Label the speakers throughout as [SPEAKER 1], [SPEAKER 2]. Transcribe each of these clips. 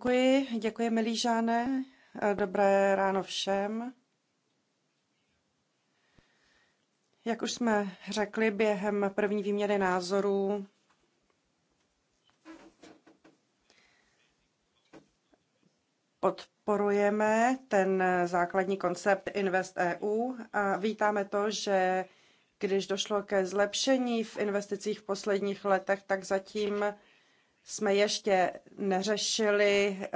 [SPEAKER 1] Děkuji, děkuji, milí Žáne. Dobré ráno všem. Jak už jsme řekli během první výměny názorů, podporujeme ten základní koncept Invest EU a vítáme to, že když došlo ke zlepšení v investicích v posledních letech, tak zatím jsme ještě neřešili eh,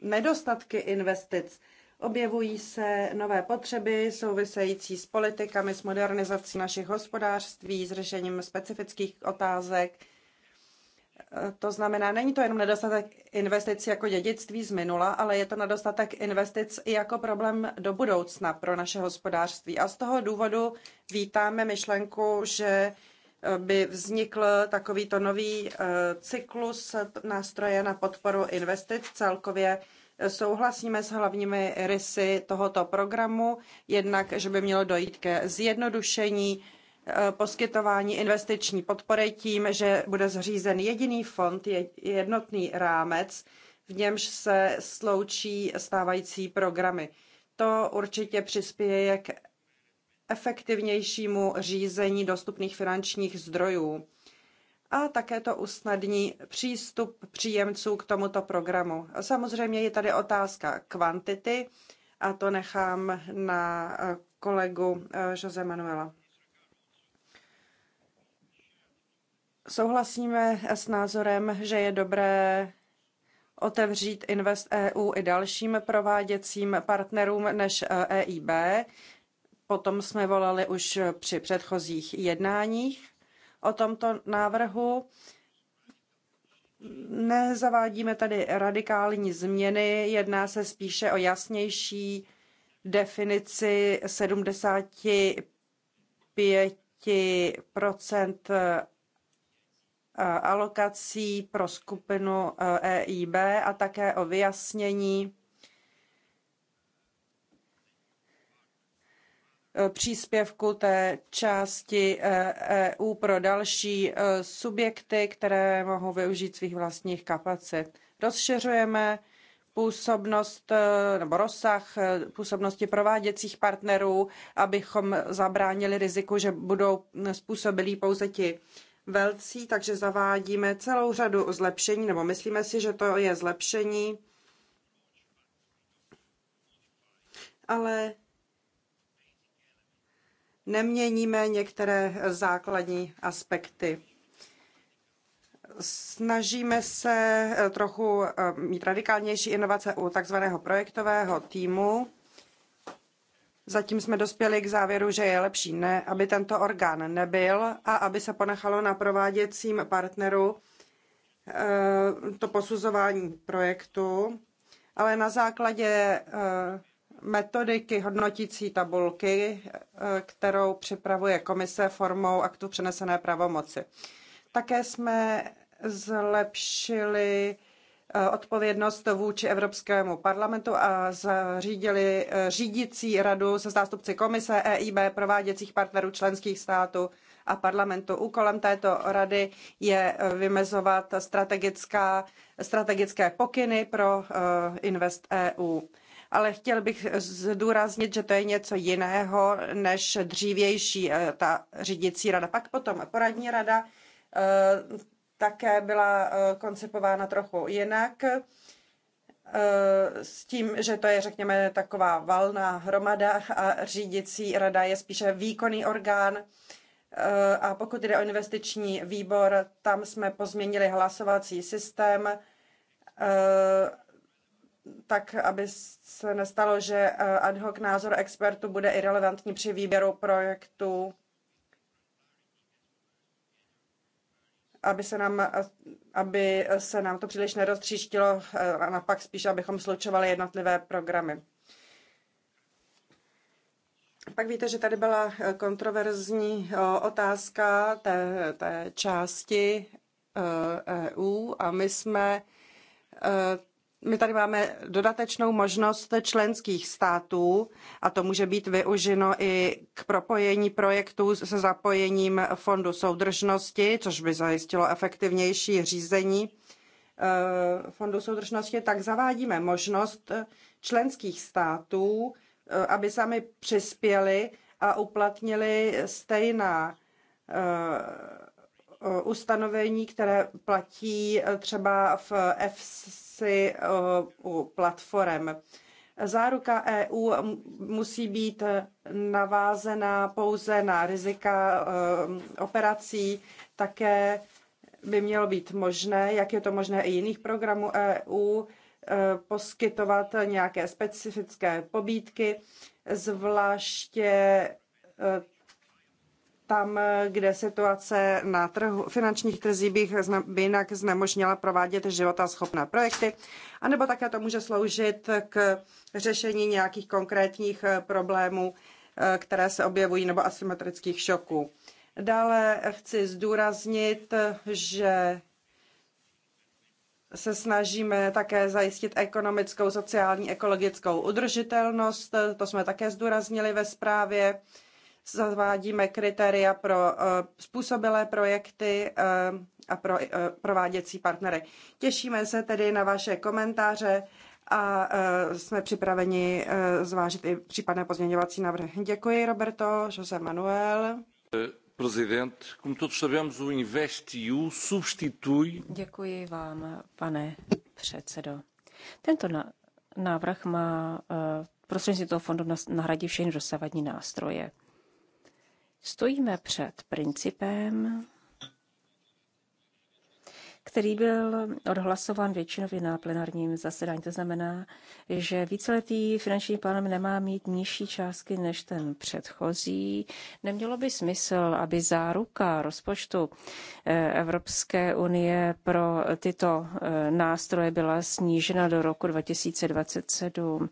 [SPEAKER 1] nedostatky investic. Objevují se nové potřeby související s politikami, s modernizací našich hospodářství, s řešením specifických otázek. Eh, to znamená, není to jenom nedostatek investic jako dědictví z minula, ale je to nedostatek investic i jako problém do budoucna pro naše hospodářství. A z toho důvodu vítáme myšlenku, že by vznikl takovýto nový eh, cyklus nástroje na podporu investic. Celkově eh, souhlasíme s hlavními rysy tohoto programu, jednak, že by mělo dojít ke zjednodušení eh, poskytování investiční podpory tím, že bude zřízen jediný fond, jednotný rámec, v němž se sloučí stávající programy. To určitě přispěje k efektivnějšímu řízení dostupných finančních zdrojů. A také to usnadní přístup příjemců k tomuto programu. Samozřejmě je tady otázka kvantity a to nechám na kolegu eh, Jose Manuela. Souhlasíme s názorem, že je dobré otevřít Invest EU i dalším prováděcím partnerům než EIB. Eh, e Potom jsme volali už při předchozích jednáních o tomto návrhu. Nezavádíme tady radikální změny, jedná se spíše o jasnější definici 75 eh, alokací pro skupinu EIB eh, e a také o vyjasnění příspěvku té části EU eh, e pro další eh, subjekty, které mohou využít svých vlastních kapacit. Rozšiřujeme působnost eh, nebo rozsah působnosti prováděcích partnerů, abychom zabránili riziku, že budou způsobilí pouze ti velcí, takže zavádíme celou řadu zlepšení, nebo myslíme si, že to je zlepšení, ale neměníme některé základní aspekty. Snažíme se eh, trochu eh, mít radikálnější inovace u takzvaného projektového týmu. Zatím jsme dospěli k závěru, že je lepší, ne, aby tento orgán nebyl a aby se ponechalo na prováděcím partneru eh, to posuzování projektu, ale na základě metodiky hodnotící tabulky, eh, kterou připravuje komise formou aktu přenesené pravomoci. Také jsme zlepšili eh, odpovědnost vůči Evropskému parlamentu a zřídili eh, řídící radu se zástupci komise EIB, prováděcích partnerů členských států a parlamentu. Úkolem této rady je vymezovat strategická, strategické pokyny pro Invest EU ale chtěl bych zdůraznit, že to je něco jiného než dřívější eh, ta řídící rada. Pak potom poradní rada eh, také byla eh, koncipována trochu jinak s tím, že to je, řekněme, taková valná hromada a řídicí rada je spíše výkonný orgán. A pokud jde o investiční výbor, tam jsme pozměnili hlasovací systém tak aby se nestalo, že eh, ad hoc názor expertu bude irrelevantní při výběru projektu, aby se nám, eh, aby se nám to příliš neroztříštilo eh, a napak spíš, abychom slučovali jednotlivé programy. Pak víte, že tady byla kontroverzní otázka té, té části EU e a my jsme my tady máme dodatečnou možnost členských států a to může být využito i k propojení projektů se zapojením Fondu soudržnosti, což by zajistilo efektivnější řízení eh, Fondu soudržnosti, tak zavádíme možnost členských států, eh, aby sami přispěli a uplatnili stejná eh, ustanovení, které platí třeba v EFS práci eh, u platform. Záruka EU musí být eh, navázená pouze na rizika eh, operací, také by mělo být možné, jak je to možné i jiných programů EU, poskytovat nějaké specifické pobídky, zvláště tam, kde situace na trhu, finančních trzích by, by jinak znemožnila provádět života schopné projekty, anebo také to může sloužit k řešení nějakých konkrétních eh, problémů, eh, které se objevují, nebo asymetrických šoků. Dále chci zdůraznit, že se snažíme také zajistit ekonomickou, sociální, ekologickou udržitelnost. To jsme také zdůraznili ve zprávě zavádíme kritéria pro eh, způsobilé projekty eh, a pro eh, prováděcí partnery. Těšíme se tedy na vaše komentáře a jsme připraveni zvážit i případné pozměňovací návrhy. Děkuji, Roberto, José Manuel. Prezident, como todos sabemos, o investiu
[SPEAKER 2] e substitui...
[SPEAKER 3] Děkuji vám, pane předsedo. Tento návrh má prostřednictvím toho fondu nahradit všechny dosavadní nástroje. Stojíme před principem, který byl odhlasován většinově na plenárním zasedání. To znamená, že víceletý finanční plán nemá mít nižší částky než ten předchozí. Nemělo by smysl, aby záruka rozpočtu eh, Evropské unie pro tyto eh, nástroje byla snížena do roku 2027.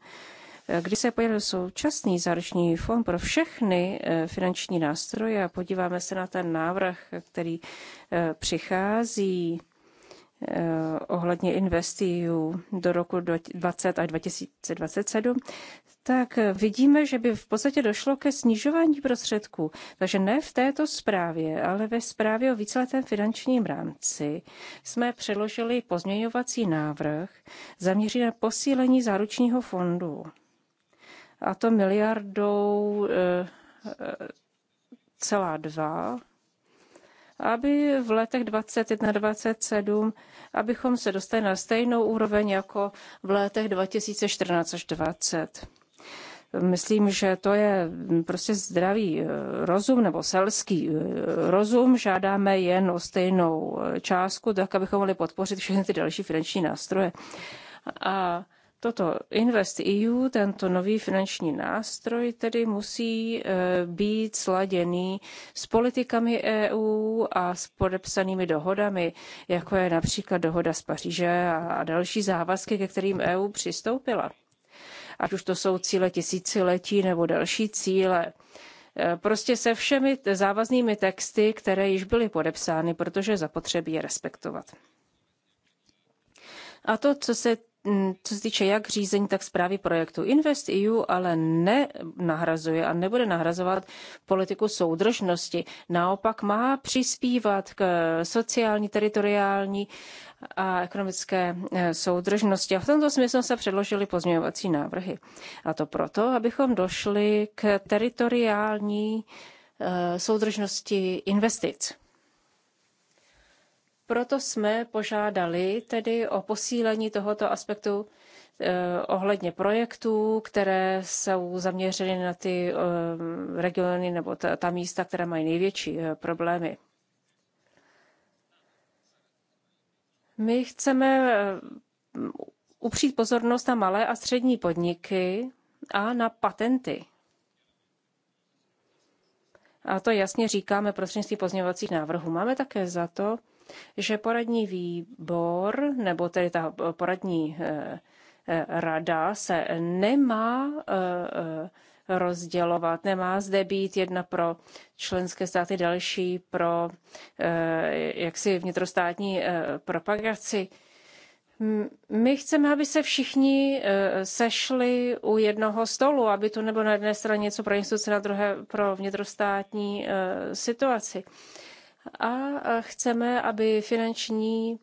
[SPEAKER 3] Když se podíváme současný záruční fond pro všechny eh, finanční nástroje a podíváme se na ten návrh, který eh, přichází eh, ohledně investiů do roku 2020 až 2027, tak vidíme, že by v podstatě došlo ke snižování prostředků. Takže ne v této zprávě, ale ve zprávě o víceletém finančním rámci jsme předložili pozměňovací návrh zaměřený na posílení záručního fondu a to miliardou e, e, celá dva, aby v letech 21-27, abychom se dostali na stejnou úroveň jako v letech 2014 až 2020. Myslím, že to je prostě zdravý e, rozum nebo selský rozum. Žádáme jen o stejnou částku, tak abychom mohli podpořit všechny ty další finanční nástroje. A Toto Invest EU, tento nový finanční nástroj, tedy musí eh, být sladěný s politikami EU a s podepsanými dohodami, jako je například dohoda z Paříže a další závazky, ke kterým EU přistoupila. Ať už to jsou cíle tisíciletí nebo další cíle eh, prostě se všemi závaznými texty, které již byly podepsány, protože zapotřebí je respektovat. A to, co se Mm, co se týče jak řízení, tak zprávy projektu. Invest EU ale nenahrazuje a nebude nahrazovat politiku soudržnosti. Naopak má přispívat k sociální, teritoriální a ekonomické eh, soudržnosti. A v tomto smyslu se předložili pozměňovací návrhy. A to proto, abychom došli k teritoriální eh, soudržnosti investic. Proto jsme požádali tedy o posílení tohoto aspektu eh, ohledně projektů, které jsou zaměřeny na ty eh, regiony nebo ta, ta místa, která mají největší eh, problémy. My chceme upřít pozornost na malé a střední podniky a na patenty. A to jasně říkáme prostřednictvím pozměňovacích návrhů. Máme také za to, že poradní výbor, nebo tedy ta eh, poradní eh, eh, rada se nemá rozdělovat. Nemá zde být jedna pro členské státy, další pro jaksi vnitrostátní propagaci. My chceme, aby se všichni sešli u jednoho stolu, aby tu nebo na jedné straně něco pro instituce, na druhé pro vnitrostátní situaci a e, chceme, aby finanční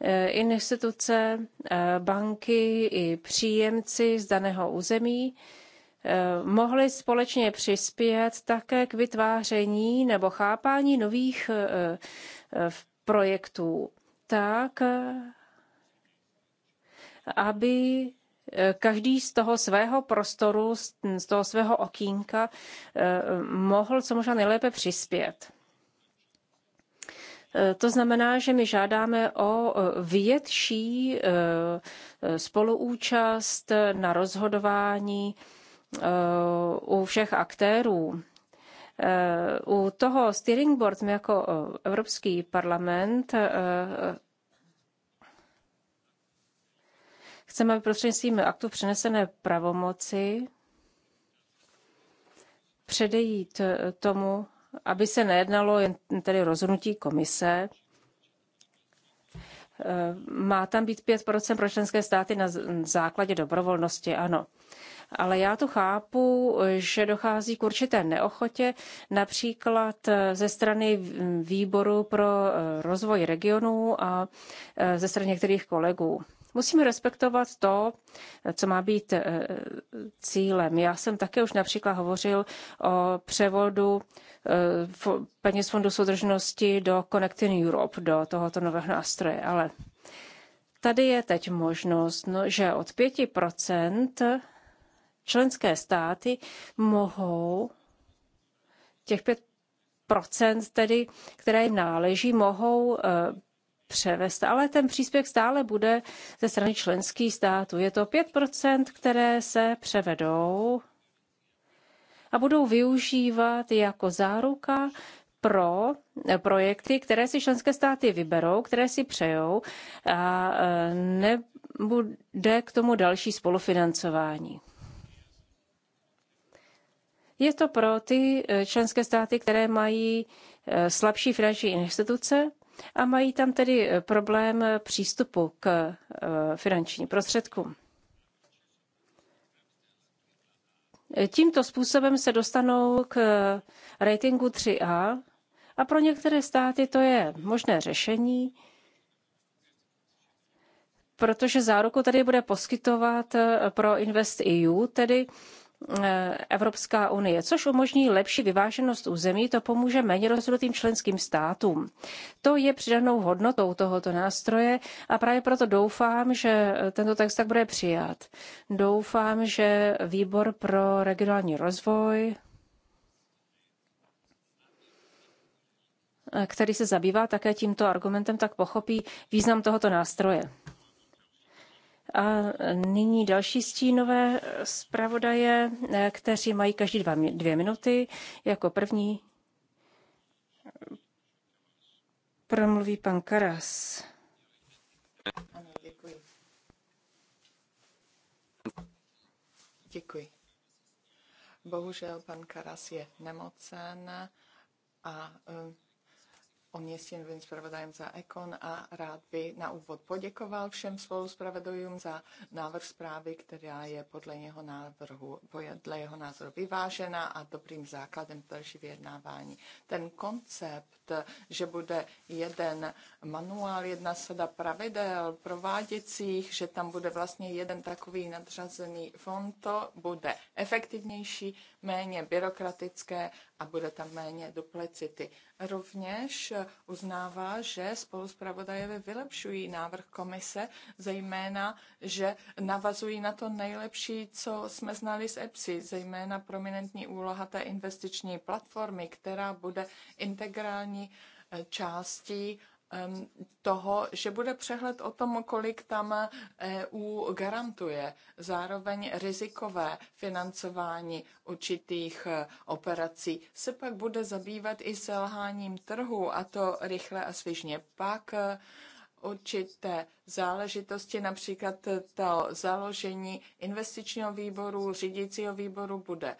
[SPEAKER 3] e, instituce, e, banky i příjemci z daného území mohli společně přispět také k vytváření nebo chápání nových projektů tak, aby každý z toho svého prostoru, z toho svého okýnka mohl co možná nejlépe přispět. Eh, to znamená, že my žádáme o eh, větší eh, spoluúčast na rozhodování u všech aktérů. U toho steering board my jako Evropský parlament chceme prostřednictvím aktu přenesené pravomoci předejít tomu, aby se nejednalo jen tedy rozhodnutí komise. Eh, má tam být 5% pro členské státy na základě dobrovolnosti, ano. Ale já to chápu, že dochází k určité neochotě, například eh, ze strany výboru pro eh, rozvoj regionů a ze strany některých kolegů. Musíme respektovat to, co má být eh, cílem. Já jsem také už například hovořil o převodu eh, peněz fondu soudržnosti do Connecting Europe, do tohoto nového nástroje, ale tady je teď možnost, no, že od 5% členské státy mohou těch 5 tedy, které jim náleží, mohou eh, převést, ale ten příspěvek stále bude ze strany členských států. Je to 5%, které se převedou a budou využívat jako záruka pro projekty, které si členské státy vyberou, které si přejou a e, nebude k tomu další spolufinancování. Je to pro ty e, členské státy, které mají e, slabší finanční instituce, a mají tam tedy eh, problém eh, přístupu k eh, finančním prostředkům. Tímto způsobem se dostanou k ratingu 3A a pro některé státy to je možné řešení, protože záruku tady bude poskytovat pro Invest EU, tedy Eh, Evropská unie, což umožní lepší vyváženost území, to pomůže méně rozvinutým členským státům. To je přidanou hodnotou tohoto nástroje a právě proto doufám, že tento text tak bude přijat. Doufám, že výbor pro regionální rozvoj eh, který se zabývá také tímto argumentem, tak pochopí význam tohoto nástroje. A nyní další stínové zpravodaje, eh, kteří mají každý dva, dvě minuty. Jako první promluví pan Karas.
[SPEAKER 4] Ano, děkuji. Děkuji. Bohužel pan Karas je nemocen a eh, On je stěnovým zpravodajem za Ekon a rád by na úvod poděkoval všem spoluzpravodajům za návrh zprávy, která je podle jeho návrhu, podle jeho názoru vyvážená a dobrým základem další vyjednávání. Ten koncept, že bude jeden manuál, jedna sada pravidel prováděcích, že tam bude vlastně jeden takový nadřazený fond, to bude efektivnější, méně byrokratické a bude tam méně duplicity. Rovněž uznává, že spoluzpravodajové vylepšují návrh komise, zejména, že navazují na to nejlepší, co jsme znali z EPSI, zejména prominentní úloha té investiční platformy, která bude integrální eh, částí toho, že bude přehled o tom, kolik tam EU garantuje. Zároveň rizikové financování určitých e, operací se pak bude zabývat i selháním trhu, a to rychle a svižně. Pak e, určité záležitosti, například to založení investičního výboru, řídícího výboru bude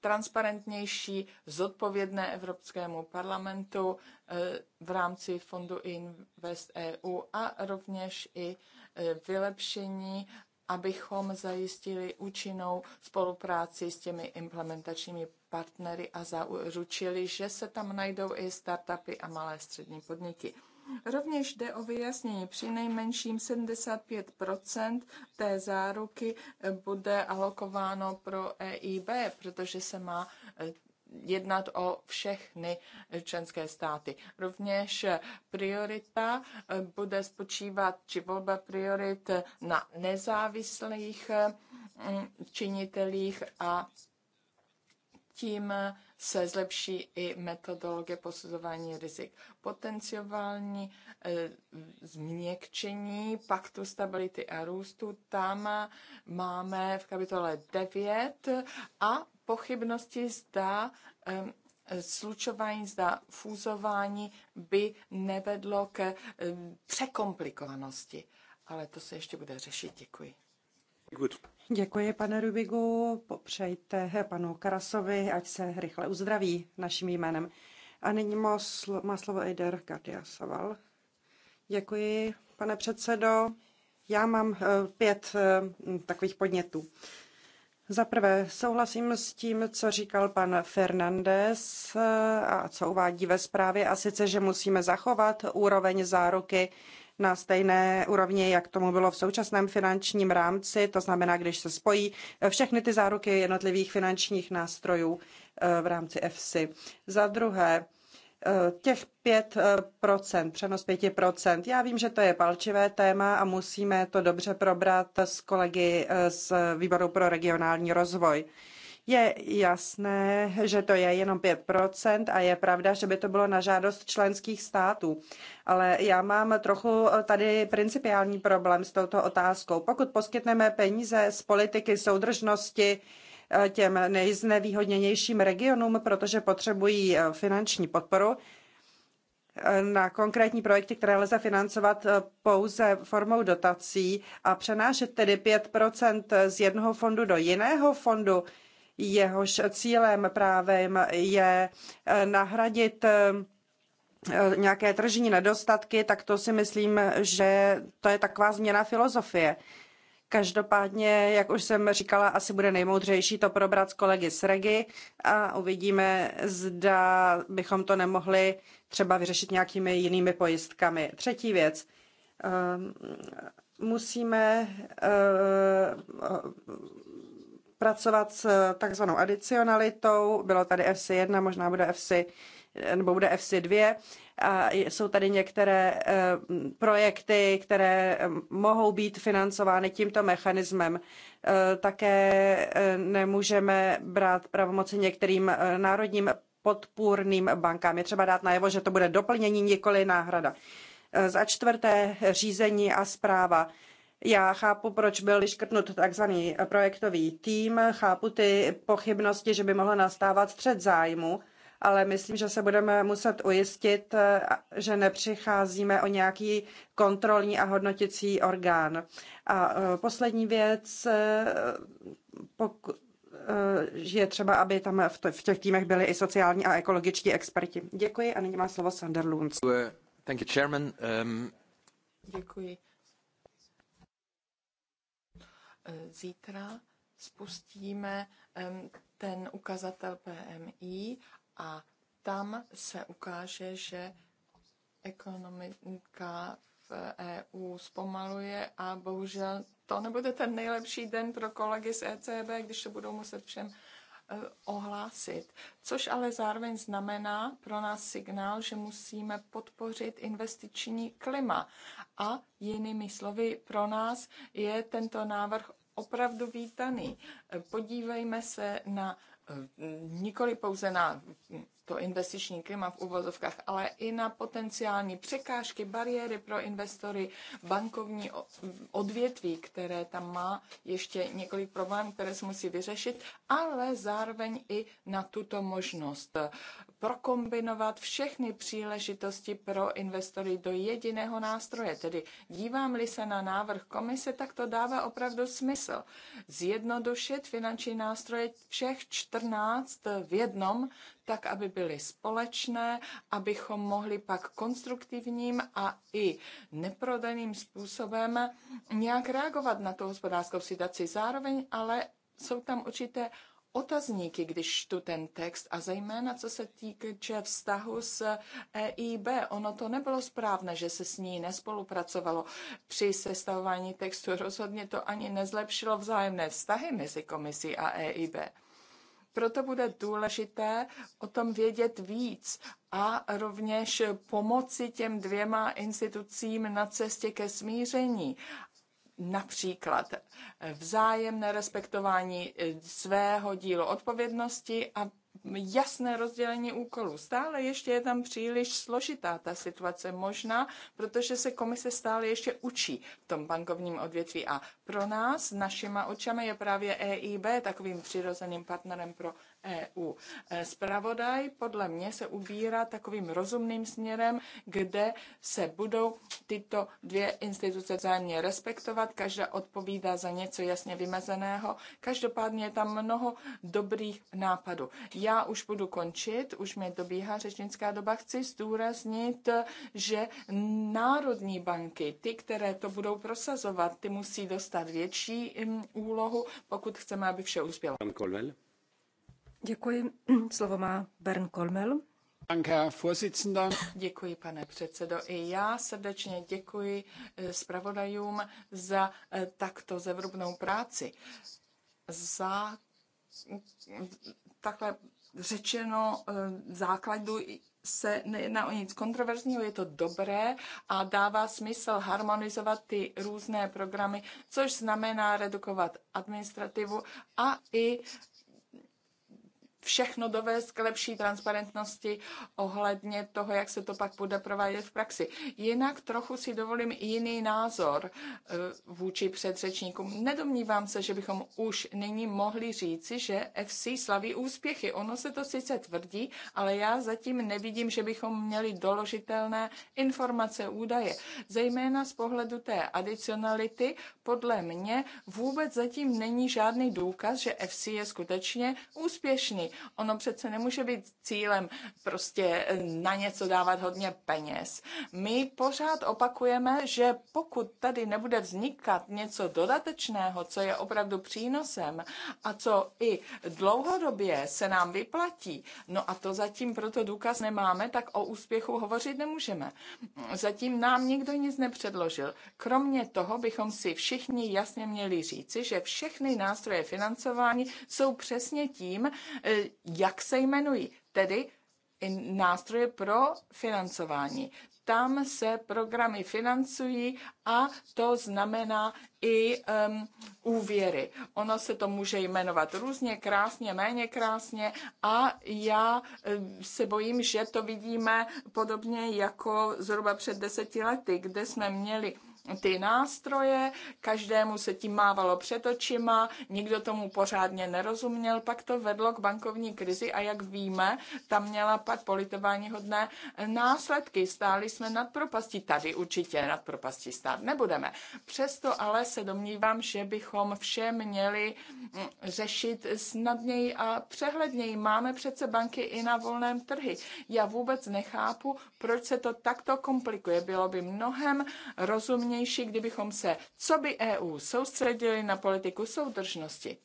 [SPEAKER 4] transparentnější, zodpovědné Evropskému parlamentu eh, v rámci fondu Invest EU a rovněž i eh, vylepšení, abychom zajistili účinnou spolupráci s těmi implementačními partnery a zaručili, že se tam najdou i startupy a malé střední podniky. Rovněž jde o vyjasnění. Při nejmenším 75 té záruky eh, bude alokováno pro EIB, protože se má eh, jednat o všechny eh, členské státy. Rovněž priorita bude spočívat, či volba priorit na nezávislých činitelích a tím se zlepší i metodologie posuzování rizik. Potenciální e, změkčení paktu stability a růstu, tam máme v kapitole 9 a pochybnosti zda e, slučování, zda fúzování by nevedlo k e, překomplikovanosti. Ale to se ještě bude řešit. Děkuji.
[SPEAKER 1] Good. Děkuji, pane Rubigu. Popřejte panu Karasovi, ať se rychle uzdraví naším jménem. A nyní má slovo Eider Gardiasaval. Děkuji, pane předsedo. Já mám eh, pět eh, takových podnětů. Za prvé souhlasím s tím, co říkal pan Fernandez eh, a co uvádí ve zprávě, a sice, že musíme zachovat úroveň záruky na stejné úrovni, jak tomu bylo v současném finančním rámci, to znamená, když se spojí eh, všechny ty záruky jednotlivých finančních nástrojů eh, v rámci EFSI. Za druhé, eh, těch 5%, přenos 5%. Já vím, že to je palčivé téma a musíme to dobře probrat s kolegy z Výboru pro regionální rozvoj. Je jasné, že to je jenom 5% a je pravda, že by to bylo na žádost členských států. Ale já mám trochu tady principiální problém s touto otázkou. Pokud poskytneme peníze z politiky soudržnosti, eh, těm nejznevýhodněnějším regionům, protože potřebují eh, finanční podporu eh, na konkrétní projekty, které lze financovat pouze formou dotací a přenášet tedy 5 z jednoho fondu do jiného fondu jehož cílem právem je eh, nahradit eh, nějaké tržní nedostatky, tak to si myslím, že to je taková změna filozofie. Každopádně, jak už jsem říkala, asi bude nejmoudřejší to probrat s kolegy z Regi a uvidíme, zda bychom to nemohli třeba vyřešit nějakými jinými pojistkami. Třetí věc. Ehm, musíme eh, pracovat s eh, takzvanou adicionalitou. Bylo tady FC1, možná bude FC eh, nebo bude FC2. A jsou tady některé eh, projekty, které mohou být financovány tímto mechanismem. Také nemůžeme brát pravomoci některým národním podpůrným bankám. Je třeba dát najevo, že to bude doplnění, nikoli náhrada. Za čtvrté řízení a zpráva. Já chápu, proč byl škrtnut takzvaný projektový tým, chápu ty pochybnosti, že by mohla nastávat střed zájmu, ale myslím, že se budeme muset ujistit, že nepřicházíme o nějaký kontrolní a hodnoticí orgán. A e, poslední věc, e, e, je třeba, aby tam v těch týmech byli i sociální a ekologičtí experti. Děkuji a nyní má slovo Sander Lunds.
[SPEAKER 4] Děkuji. Um, Eh, zítra spustíme ten ukazatel PMI a tam se ukáže, že ekonomika v EU zpomaluje a bohužel to nebude ten nejlepší den pro kolegy z ECB, když to budou muset všem eh, ohlásit. Což ale zároveň znamená pro nás signál, že musíme podpořit investiční klima. A jinými slovy, pro nás je tento návrh opravdu vítaný. Podívejme se na eh, nikoli pouze na to investiční klima v uvozovkách, ale i na potenciální překážky, bariéry pro investory, bankovní odvětví, které tam má ještě několik problémů, které se musí vyřešit, ale zároveň i na tuto možnost prokombinovat všechny příležitosti pro investory do jediného nástroje. Tedy dívám-li se na návrh komise, tak to dává opravdu smysl. Zjednodušit finanční nástroje všech 14 v jednom, tak aby byly společné, abychom mohli pak konstruktivním a i neprodaným způsobem nějak reagovat na tu hospodářskou situaci. Zároveň ale jsou tam určité otazníky, když tu ten text a zejména co se týče vztahu s EIB. Ono to nebylo správné, že se s ní nespolupracovalo při sestavování textu. Rozhodně to ani nezlepšilo vzájemné vztahy mezi komisí a EIB. Proto bude důležité o tom vědět víc a rovněž pomoci těm dvěma institucím na cestě ke smíření. Například vzájemné respektování eh, svého dílu odpovědnosti a jasné rozdělení úkolů. Stále ještě je tam příliš složitá ta situace možná, protože se komise stále ještě učí v tom bankovním odvětví a pro nás, našima očami, je právě EIB takovým přirozeným partnerem pro EU. Spravodaj e, podle mě se ubírá takovým rozumným směrem, kde se budou tyto dvě instituce vzájemně respektovat, každá odpovídá za něco jasně vymezeného. Každopádně je tam mnoho dobrých nápadů. Já už budu končit, už mě dobíhá řečnická doba. Chci zdůraznit, že národní banky, ty, které to budou prosazovat, ty musí dostat dostat větší úlohu, pokud chceme, aby vše uspělo. Pan Kolmel. Děkuji. Slovo
[SPEAKER 3] má Bern Kolmel.
[SPEAKER 4] Děkuji, pane předsedo. I já srdečně děkuji eh, zpravodajům za eh, takto zevrubnou práci. Za mm, takhle řečeno eh, základu se nejedná o nic kontroverzního, je to dobré a dává smysl harmonizovat ty různé programy, což znamená redukovat administrativu a i všechno dovést k lepší transparentnosti ohledně toho, jak se to pak bude provádět v praxi. Jinak trochu si dovolím jiný názor eh, vůči předřečníkům. Nedomnívám se, že bychom už nyní mohli říci, že FC slaví úspěchy. Ono se to sice tvrdí, ale já zatím nevidím, že bychom měli doložitelné informace, údaje. Zejména z pohledu té adicionality, podle mě vůbec zatím není žádný důkaz, že FC je skutečně úspěšný. Ono přece nemůže být cílem prostě eh, na něco dávat hodně peněz. My pořád opakujeme, že pokud tady nebude vznikat něco dodatečného, co je opravdu přínosem a co i dlouhodobě se nám vyplatí, no a to zatím proto důkaz nemáme, tak o úspěchu hovořit nemůžeme. Zatím nám nikdo nic nepředložil. Kromě toho bychom si všichni jasně měli říci, že všechny nástroje financování jsou přesně tím, eh, jak se jmenují, tedy nástroje pro financování. Tam se programy financují a to znamená i um, úvěry. Ono se to může jmenovat různě krásně, méně krásně a já se bojím, že to vidíme podobně jako zhruba před deseti lety, kde jsme měli ty nástroje, každému se tím mávalo před očima, nikdo tomu pořádně nerozuměl, pak to vedlo k bankovní krizi a jak víme, tam měla pak politování hodné následky. Stáli jsme nad propastí, tady určitě nad propastí stát nebudeme. Přesto ale se domnívám, že bychom vše měli mm, řešit snadněji a přehledněji. Máme přece banky i na volném trhy. Já vůbec nechápu, proč se to takto komplikuje. Bylo by mnohem rozumnější efektivnější, kdybychom se, co by EU, soustředili na politiku soudržnosti.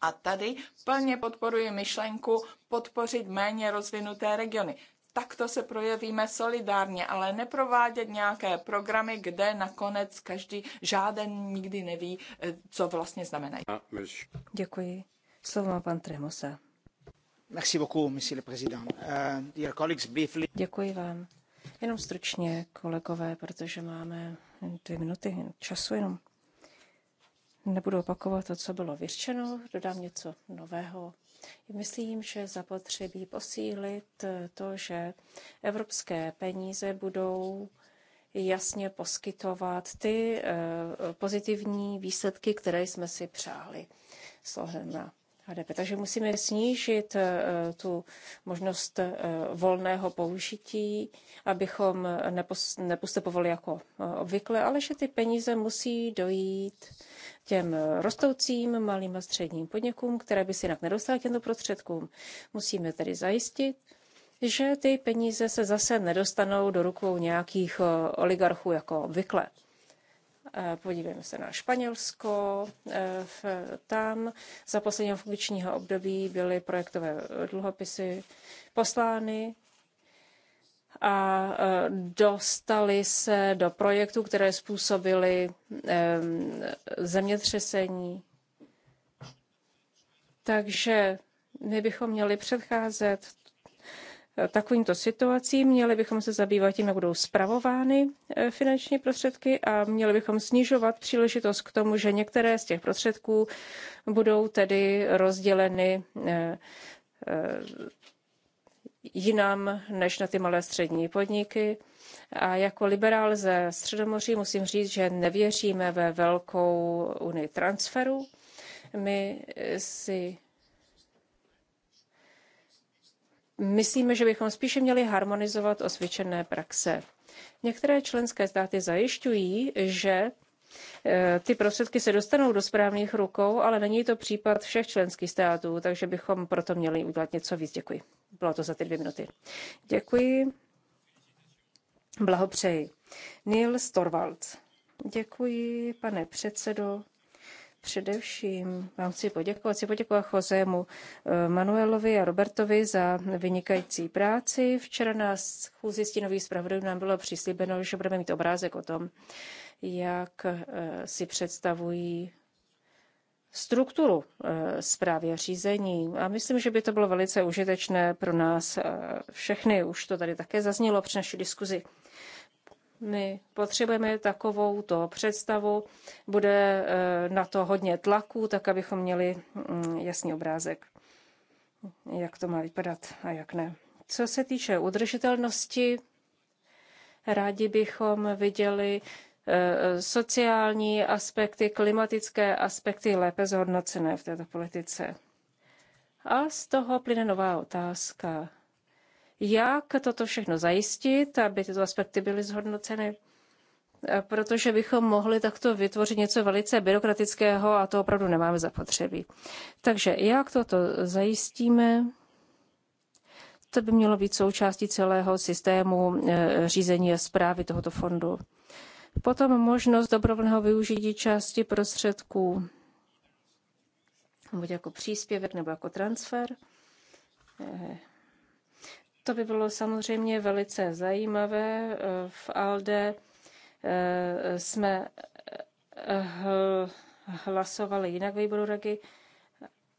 [SPEAKER 4] A tady plně podporuji myšlenku podpořit méně rozvinuté regiony. Takto se projevíme solidárně, ale neprovádět nějaké programy, kde nakonec každý žáden nikdy neví, eh, co vlastně znamenají.
[SPEAKER 3] Děkuji. Slovo má pan Tremosa. Eh, Děkuji vám. Jenom stručně, kolegové, protože máme dvě minuty času jenom. Nebudu opakovat to, co bylo vyřčeno, dodám něco nového. Myslím, že zapotřebí posílit to, že evropské peníze budou jasně poskytovat ty eh, pozitivní výsledky, které jsme si přáli s ohledem na HDP. Takže musíme snížit eh, tu možnost eh, volného použití, abychom nepostupovali jako eh, obvykle, ale že ty peníze musí dojít těm rostoucím malým a středním podnikům, které by si jinak nedostaly těmto prostředkům. Musíme tedy zajistit, že ty peníze se zase nedostanou do rukou nějakých oligarchů jako obvykle. Eh, podívejme se na Španělsko. Eh, tam za posledního funkčního období byly projektové dluhopisy poslány a eh, dostali se do projektů, které způsobily zemětřesení. Takže my bychom měli předcházet takovýmto situacím. Měli bychom se zabývat tím, jak budou spravovány e, finanční prostředky a měli bychom snižovat příležitost k tomu, že některé z těch prostředků budou tedy rozděleny e, e, jinam než na ty malé střední podniky. A jako liberál ze Středomoří musím říct, že nevěříme ve velkou unii transferu. My si myslíme, že bychom spíše měli harmonizovat osvědčené praxe. Některé členské státy zajišťují, že eh, ty prostředky se dostanou do správných rukou, ale není to případ všech členských států, takže bychom proto měli udělat něco víc. Děkuji. Bylo to za ty dvě minuty. Děkuji. Blahopřeji. Nils Torvalds. Děkuji, pane předsedo. Především vám chci poděkovat. Chci poděkovat Josemu eh, Manuelovi a Robertovi za vynikající práci. Včera na schůzi stínových zpravodajů nám bylo přislíbeno, že budeme mít obrázek o tom, jak eh, si představují strukturu eh, zprávy a řízení. A myslím, že by to bylo velice užitečné pro nás všechny. Už to tady také zaznělo při naší diskuzi. My potřebujeme takovou to představu. Bude eh, na to hodně tlaku, tak abychom měli mm, jasný obrázek, jak to má vypadat a jak ne. Co se týče udržitelnosti, rádi bychom viděli eh, sociální aspekty, klimatické aspekty lépe zhodnocené v této politice. A z toho plyne nová otázka jak toto všechno zajistit, aby tyto aspekty byly zhodnoceny, e, protože bychom mohli takto vytvořit něco velice byrokratického a to opravdu nemáme zapotřebí. Takže jak toto zajistíme? To by mělo být součástí celého systému e, řízení a zprávy tohoto fondu. Potom možnost dobrovolného využití části prostředků, buď jako příspěvek nebo jako transfer. E, to by bylo samozřejmě velice zajímavé. V ALDE eh, jsme eh, hlasovali jinak výboru regi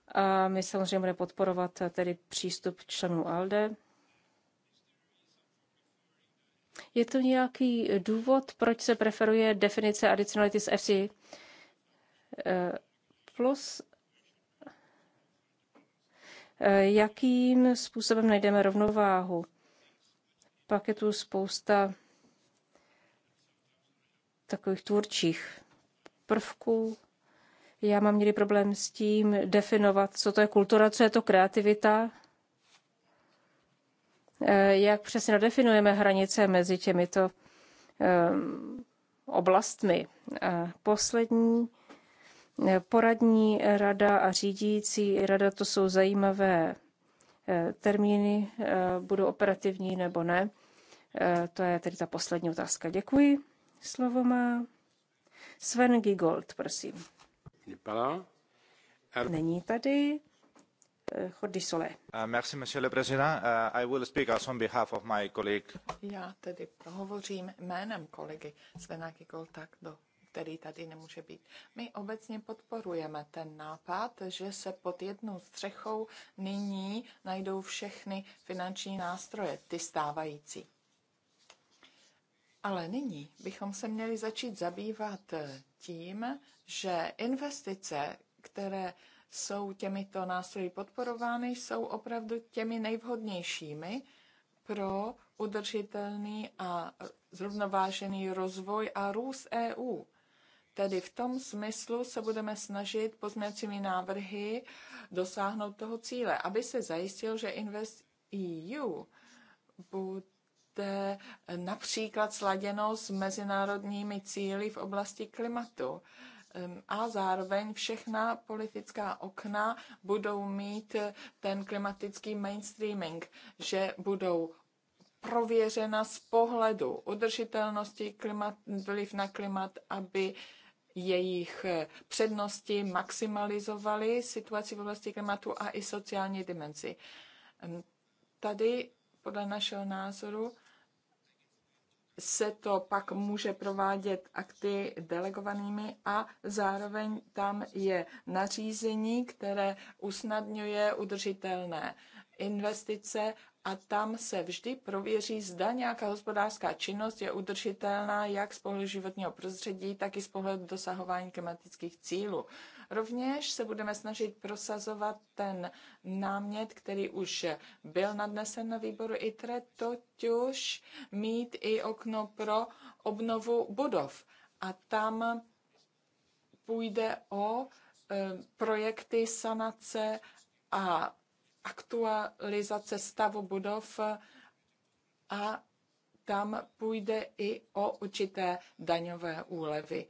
[SPEAKER 3] a my samozřejmě budeme podporovat tedy přístup členů ALDE. Je to nějaký důvod, proč se preferuje definice adicionality z FC eh, plus Eh, jakým způsobem najdeme rovnováhu. Pak je tu spousta takových tvůrčích prvků. Já mám někdy problém s tím definovat, co to je kultura, co je to kreativita. Eh, jak přesně nadefinujeme hranice mezi těmito ehm, oblastmi. poslední Poradní rada a řídící rada to jsou zajímavé eh, termíny, eh, budou operativní nebo ne. Eh, to je tedy ta poslední otázka. Děkuji. Slovo má Sven Gigold, prosím. Er- Není tady. Chodí Sole.
[SPEAKER 2] Merci, monsieur le président. I will speak also on behalf of my colleague.
[SPEAKER 4] Já tedy prohovořím jménem kolegy Svena Gigolda, do který tady nemůže být. My obecně podporujeme ten nápad, že se pod jednou střechou nyní najdou všechny finanční nástroje, ty stávající. Ale nyní bychom se měli začít zabývat tím, že investice, které jsou těmito nástroji podporovány, jsou opravdu těmi nejvhodnějšími pro udržitelný a zrovnovážený rozvoj a růst EU. Tedy v tom smyslu se budeme snažit pozměcími návrhy dosáhnout toho cíle, aby se zajistil, že Invest EU bude například sladěno s mezinárodními cíly v oblasti klimatu a zároveň všechna politická okna budou mít ten klimatický mainstreaming, že budou prověřena z pohledu udržitelnosti klimat, vliv na klimat, aby jejich eh, přednosti maximalizovali situaci v oblasti klimatu a i sociální dimenzi. Tady podle našeho názoru se to pak může provádět akty delegovanými a zároveň tam je nařízení, které usnadňuje udržitelné investice a tam se vždy prověří, zda nějaká hospodářská činnost je udržitelná jak z pohledu životního prostředí, tak i z pohledu dosahování klimatických cílů. Rovněž se budeme snažit prosazovat ten námět, který už byl nadnesen na výboru ITRE, totiž mít i okno pro obnovu budov. A tam půjde o e, projekty sanace a aktualizace stavu budov a tam půjde i o určité daňové úlevy,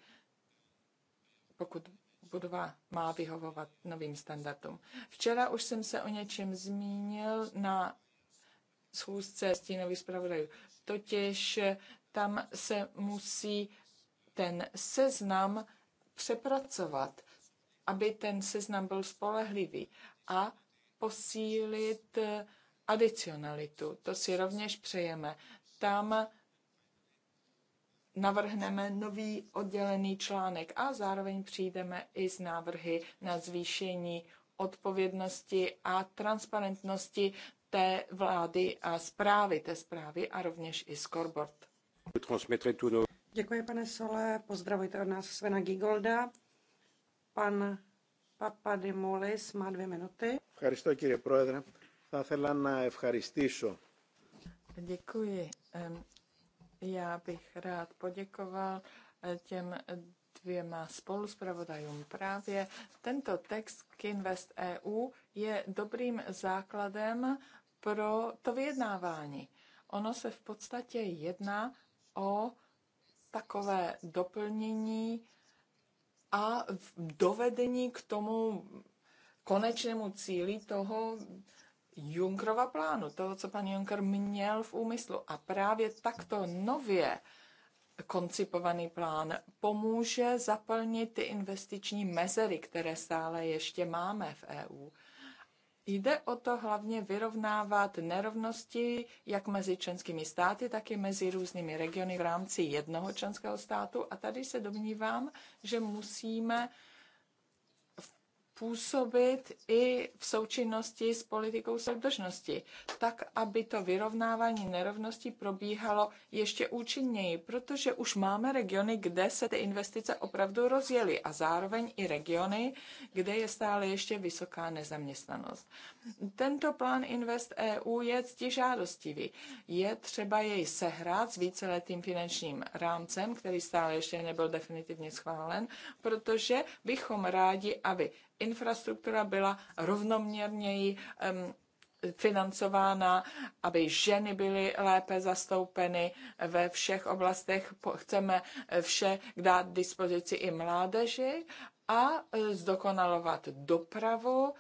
[SPEAKER 4] pokud budova má vyhovovat novým standardům. Včera už jsem se o něčem zmínil na schůzce stínových zpravodajů. Totiž tam se musí ten seznam přepracovat, aby ten seznam byl spolehlivý. A posílit eh, adicionalitu. To si rovněž přejeme. Tam navrhneme nový oddělený článek a zároveň přijdeme i s návrhy na zvýšení odpovědnosti a transparentnosti té
[SPEAKER 1] vlády a zprávy té zprávy a rovněž i scoreboard. Děkuji, pane Sole. Pozdravujte od nás Svena Gigolda. Pan má dvě minuty.
[SPEAKER 2] Ευχαριστώ κύριε Πρόεδρε. Θα ήθελα να ευχαριστήσω.
[SPEAKER 1] Děkuji. Já bych rád
[SPEAKER 4] poděkoval eh, těm dvěma spoluspravodajům. Právě tento text k Invest EU je dobrým základem pro to vyjednávání. Ono se v podstatě jedná o takové doplnění a dovedení k tomu konečnému cíli toho Junkrova plánu, toho, co pan Juncker měl v úmyslu. A právě takto nově koncipovaný plán pomůže zaplnit ty investiční mezery, které stále ještě máme v EU. Jde o to hlavně vyrovnávat nerovnosti jak mezi členskými státy, tak i mezi různými regiony v rámci jednoho členského státu. A tady se domnívám, že musíme působit i v součinnosti s politikou soudržnosti, tak, aby to vyrovnávání nerovností probíhalo ještě účinněji, protože už máme regiony, kde se ty investice opravdu rozjely a zároveň i regiony, kde je stále ještě vysoká nezaměstnanost. Tento plán Invest EU je žádostivý. Je třeba jej sehrát s víceletým finančním rámcem, který stále ještě nebyl definitivně schválen, protože bychom rádi, aby infrastruktura byla rovnoměrněji um, financována, aby ženy byly lépe zastoupeny ve všech oblastech. Chceme vše dát dispozici i mládeži a e, zdokonalovat dopravu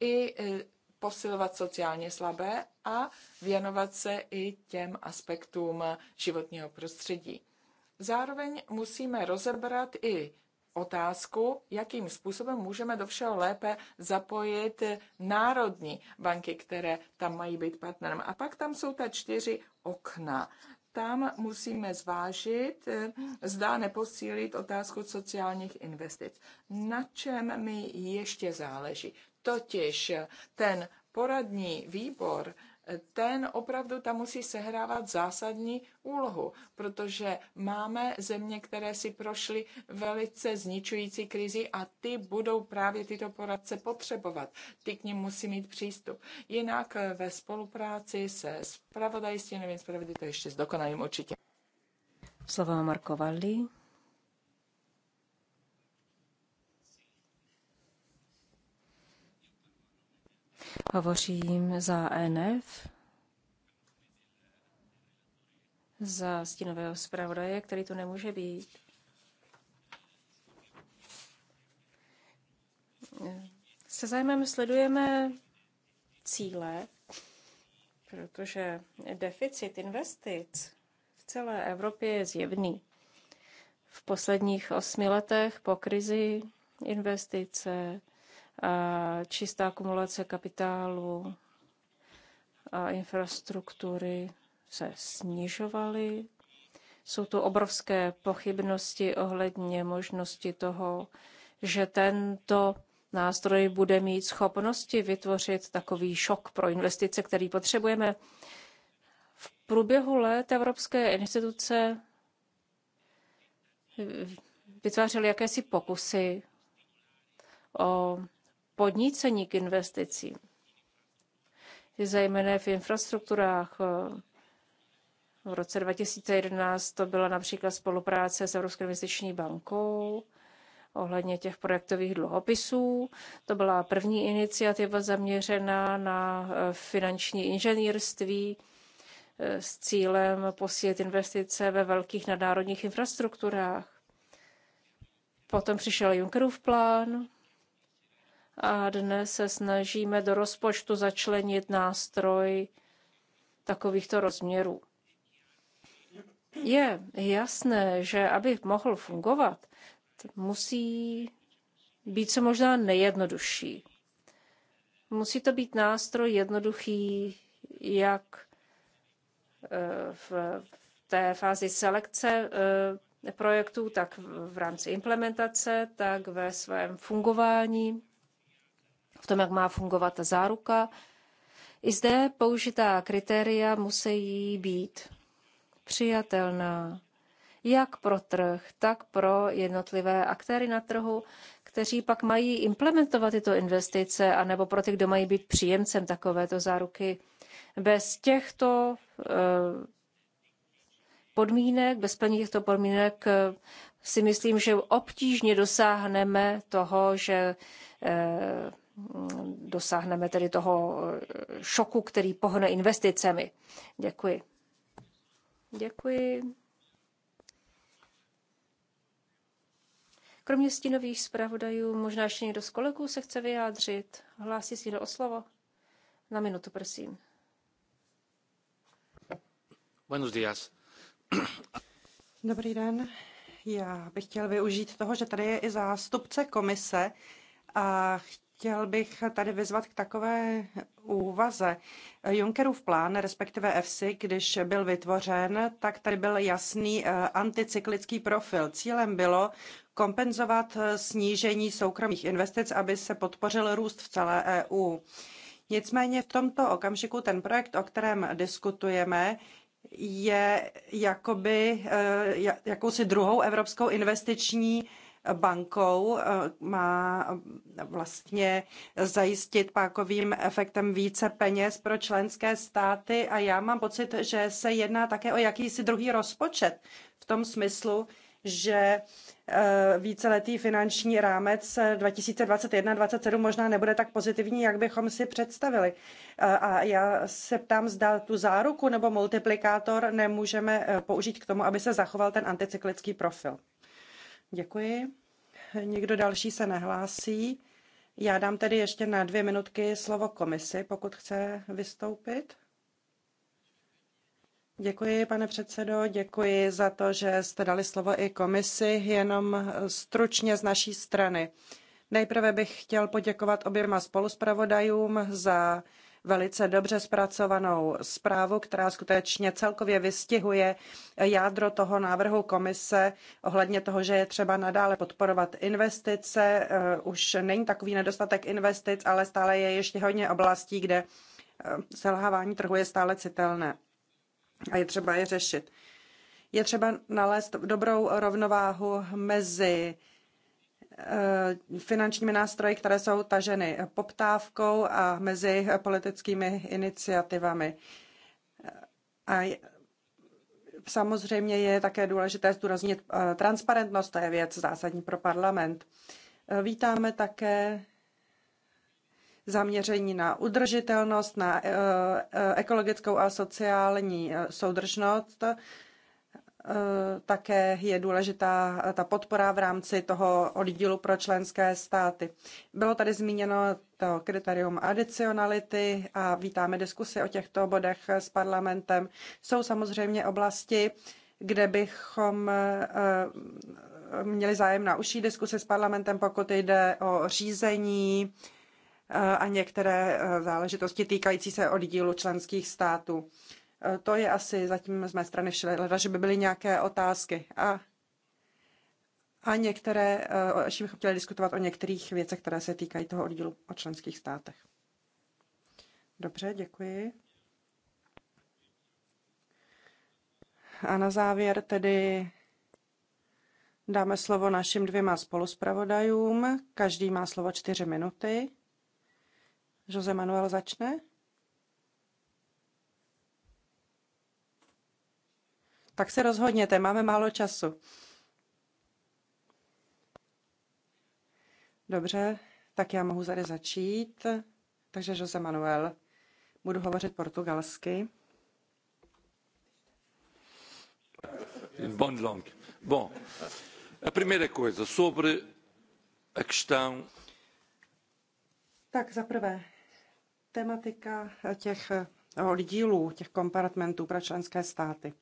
[SPEAKER 4] i e, posilovat sociálně slabé a věnovat se i těm aspektům životního prostředí. Zároveň musíme rozebrat i otázku, jakým způsobem můžeme do všeho lépe zapojit národní banky, které tam mají být partnerem. A pak tam jsou ta čtyři okna. Tam musíme zvážit, eh, zdá neposílit otázku sociálních investic. Na čem mi ještě záleží? Totiž ten poradní výbor, ten opravdu tam musí sehrávat zásadní úlohu, protože máme země, které si prošly velice zničující krizi a ty budou právě tyto poradce potřebovat. Ty k ním musí mít přístup. Jinak ve spolupráci se spravodajství, nevím, spravedlí to ještě s dokonalým určitě.
[SPEAKER 3] Slovo Marko Valli. Hovořím za e NF, za stínového zpravodaje, který tu nemůže být. Se zájmem sledujeme cíle, protože deficit investic v celé Evropě je zjevný. V posledních osmi letech po krizi investice čistá akumulace kapitálu a infrastruktury se snižovaly. Jsou tu obrovské pochybnosti ohledně možnosti toho, že tento nástroj bude mít schopnosti vytvořit takový šok pro investice, který potřebujeme. V průběhu let evropské instituce vytvářely jakési pokusy o podnícení k investicím, zejména v infrastrukturách. Eh, v roce 2011 to byla například spolupráce s Evropskou investiční bankou ohledně těch projektových dluhopisů. To byla první iniciativa zaměřená na eh, finanční inženýrství eh, s cílem posílit investice ve velkých nadnárodních infrastrukturách. Potom přišel Junckerův plán, a dnes se snažíme do rozpočtu začlenit nástroj takovýchto rozměrů. Je jasné, že aby mohl fungovat, musí být co možná nejjednodušší. Musí to být nástroj jednoduchý, jak eh, v té fázi selekce eh, projektů, tak v rámci implementace, tak ve svém fungování v tom, jak má fungovat ta záruka. I zde použitá kritéria musí být přijatelná jak pro trh, tak pro jednotlivé aktéry na trhu, kteří pak mají implementovat tyto investice, anebo pro ty, kdo mají být příjemcem takovéto záruky. Bez těchto eh, podmínek, bez plnění těchto podmínek eh, si myslím, že obtížně dosáhneme toho, že eh, Mm, dosáhneme tedy toho eh, šoku, který pohne investicemi. Děkuji. Děkuji. Kromě stínových zpravodajů možná ještě někdo z kolegů se chce vyjádřit. Hlásí si do o slovo? Na minutu, prosím.
[SPEAKER 2] Buenos días.
[SPEAKER 3] Dobrý
[SPEAKER 1] den. Já bych chtěl využít toho, že tady je i zástupce komise a Chtěl bych tady vyzvat k takové úvaze. Junckerův plán, respektive EFSI, když byl vytvořen, tak tady byl jasný eh, anticyklický profil. Cílem bylo kompenzovat eh, snížení soukromých investic, aby se podpořil růst v celé EU. Nicméně v tomto okamžiku ten projekt, o kterém diskutujeme, je jakoby eh, jakousi druhou evropskou investiční bankou eh, má vlastně zajistit pákovým efektem více peněz pro členské státy a já mám pocit, že se jedná také o jakýsi druhý rozpočet v tom smyslu, že eh, víceletý finanční rámec 2021-2027 možná nebude tak pozitivní, jak bychom si představili. Eh, a já se ptám, zda tu záruku nebo multiplikátor nemůžeme použít k tomu, aby se zachoval ten anticyklický profil. Děkuji. Nikdo další se nehlásí. Já dám tedy ještě na dvě minutky slovo komisi, pokud chce vystoupit. Děkuji, pane předsedo, děkuji za to, že jste dali slovo i komisi, jenom stručně z naší strany. Nejprve bych chtěl poděkovat oběma spoluspravodajům za velice dobře zpracovanou zprávu, která skutečně celkově vystihuje jádro toho návrhu komise ohledně toho, že je třeba nadále podporovat investice. Eh, už není takový nedostatek investic, ale stále je ještě hodně oblastí, kde eh, selhávání trhu je stále citelné a je třeba je řešit. Je třeba nalézt dobrou rovnováhu mezi Eh, finančními nástroji, které jsou taženy poptávkou a mezi politickými iniciativami. A samozřejmě je také důležité zdůraznit eh, transparentnost, to je věc zásadní pro parlament. Eh, vítáme také zaměření na udržitelnost, na ekologickou a sociální soudržnost. Eh, také je důležitá eh, ta podpora v rámci toho oddílu pro členské státy. Bylo tady zmíněno to kritérium adicionality a vítáme diskusy o těchto bodech s parlamentem. Jsou samozřejmě oblasti, kde bychom eh, měli zájem na užší diskuse s parlamentem, pokud jde o řízení a některé záležitosti týkající se oddílu členských států. E, to je asi zatím z mé strany vše, že by byly nějaké otázky. A, a některé, e, ještě bychom chtěli diskutovat o některých věcech, které se týkají toho oddílu o členských státech. Dobře, děkuji. A na závěr tedy dáme slovo našim dvěma spoluspravodajům. Každý má slovo čtyři minuty. Jose Manuel začne. Tak se rozhodněte, máme málo času. Dobře, tak já mohu tady začít. Takže Jose Manuel, budu hovořit portugalsky. Bon long. Bon, a primeira coisa sobre a questão. Tak za prvé, tematika těch eh, oddílů, těch kompartmentů pro členské státy.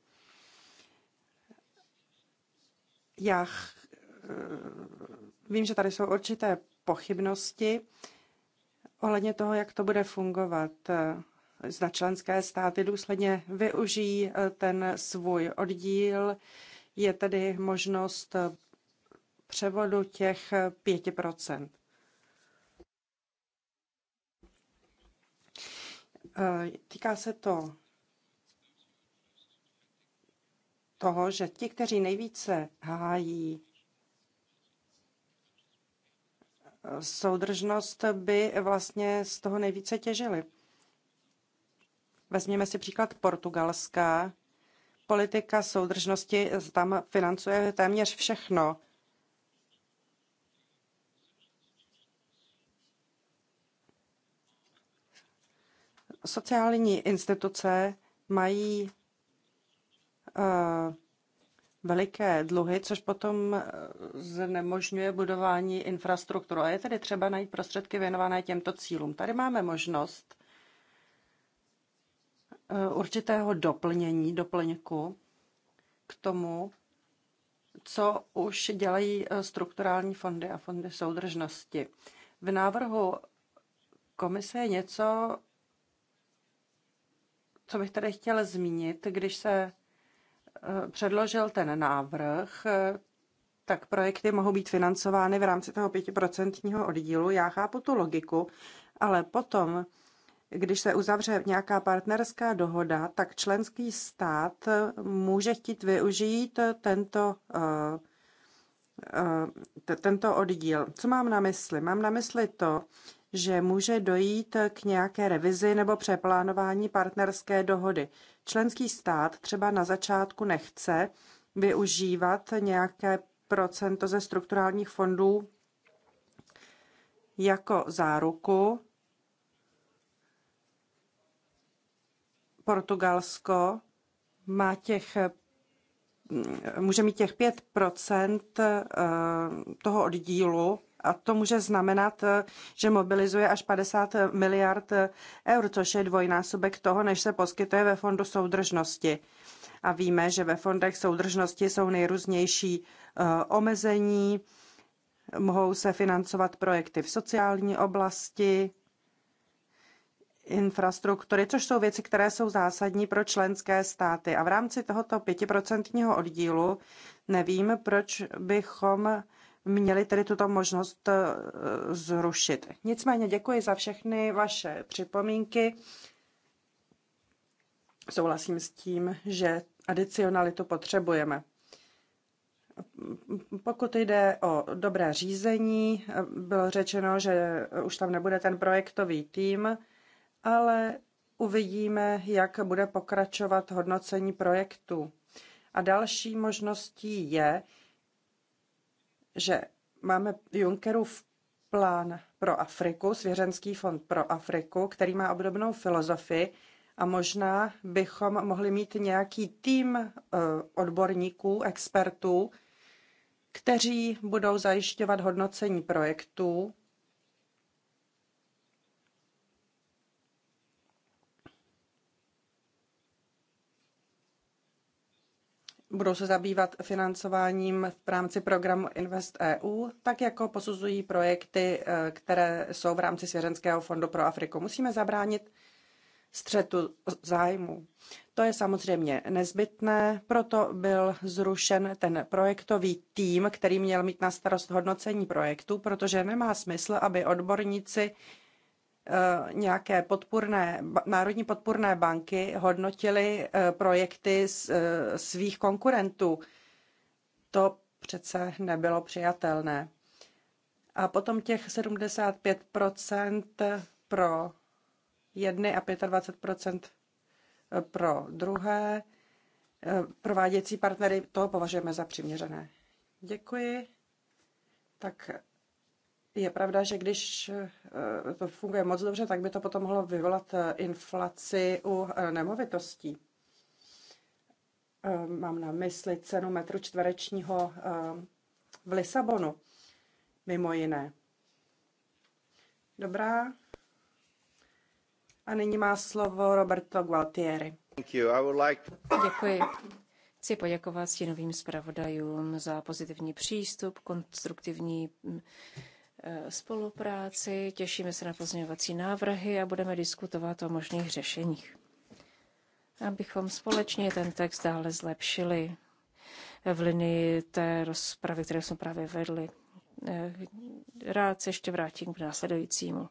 [SPEAKER 1] Já eh, vím, že tady jsou určité pochybnosti ohledně toho, jak to bude fungovat. Eh, zda členské státy důsledně využijí eh, ten svůj oddíl, je tedy možnost převodu těch 5 Týká se to toho, že ti, kteří nejvíce hájí soudržnost, by vlastně z toho nejvíce těžili. Vezměme si příklad Portugalská. Politika soudržnosti tam financuje téměř všechno. Sociální instituce mají Eh, veliké dluhy, což potom eh, znemožňuje budování infrastruktury. A je tedy třeba najít prostředky věnované těmto cílům. Tady máme možnost eh, určitého doplnění, doplňku k tomu, co už dělají strukturální fondy a fondy soudržnosti. V návrhu komise je něco, co bych tady chtěla zmínit, když se předložil ten návrh, tak projekty mohou být financovány v rámci toho pětiprocentního oddílu. Já chápu tu logiku, ale potom, když se uzavře nějaká partnerská dohoda, tak členský stát může chtít využít tento, eh, eh, tento oddíl. Co mám na mysli? Mám na mysli to, že může dojít k nějaké revizi nebo přeplánování partnerské dohody. Členský stát třeba na začátku nechce využívat nějaké procento ze strukturálních fondů jako záruku. Portugalsko má těch může mít těch 5 eh, toho oddílu a to může znamenat, eh, že mobilizuje až 50 miliard eh, eur, což je dvojnásobek toho, než se poskytuje ve Fondu soudržnosti. A víme, že ve fondech soudržnosti jsou nejrůznější eh, omezení, mohou se financovat projekty v sociální oblasti, infrastruktury, což jsou věci, které jsou zásadní pro členské státy. A v rámci tohoto pětiprocentního oddílu nevím, proč bychom měli tedy tuto možnost eh, zrušit. Nicméně děkuji za všechny vaše připomínky. Souhlasím s tím, že adicionalitu potřebujeme. Pokud jde o dobré řízení, eh, bylo řečeno, že už tam nebude ten projektový tým, ale uvidíme, jak bude pokračovat hodnocení projektu. A další možností je, že máme Junckerův plán pro Afriku, Svěřenský fond pro Afriku, který má obdobnou filozofii a možná bychom mohli mít nějaký tým eh, odborníků, expertů, kteří budou zajišťovat hodnocení projektů budou se zabývat financováním v rámci programu Invest EU, tak jako posuzují projekty, e, které jsou v rámci Svěřenského fondu pro Afriku. Musíme zabránit střetu zájmu. To je samozřejmě nezbytné, proto byl zrušen ten projektový tým, který měl mít na starost hodnocení projektu, protože nemá smysl, aby odborníci Eh, nějaké podpůrné, národní podpůrné banky hodnotily eh, projekty eh, svých konkurentů. To přece nebylo přijatelné. A potom těch 75 pro jedny a 25 pro druhé prováděcí partnery, to považujeme za přiměřené. Děkuji. Tak je pravda, že když eh, to funguje moc dobře, tak by to potom mohlo vyvolat eh, inflaci u eh, nemovitostí. Mám na mysli cenu metru čtverečního v Lisabonu, mimo jiné. Dobrá. A nyní má slovo Roberto Gualtieri.
[SPEAKER 3] Děkuji. Chci poděkovat stínovým zpravodajům za pozitivní přístup, konstruktivní Eh, spolupráci, těšíme se na pozměňovací návrhy a budeme diskutovat o možných řešeních, abychom společně ten text dále zlepšili v linii té rozpravy, které jsme právě vedli. Eh, rád se ještě vrátím k následujícímu.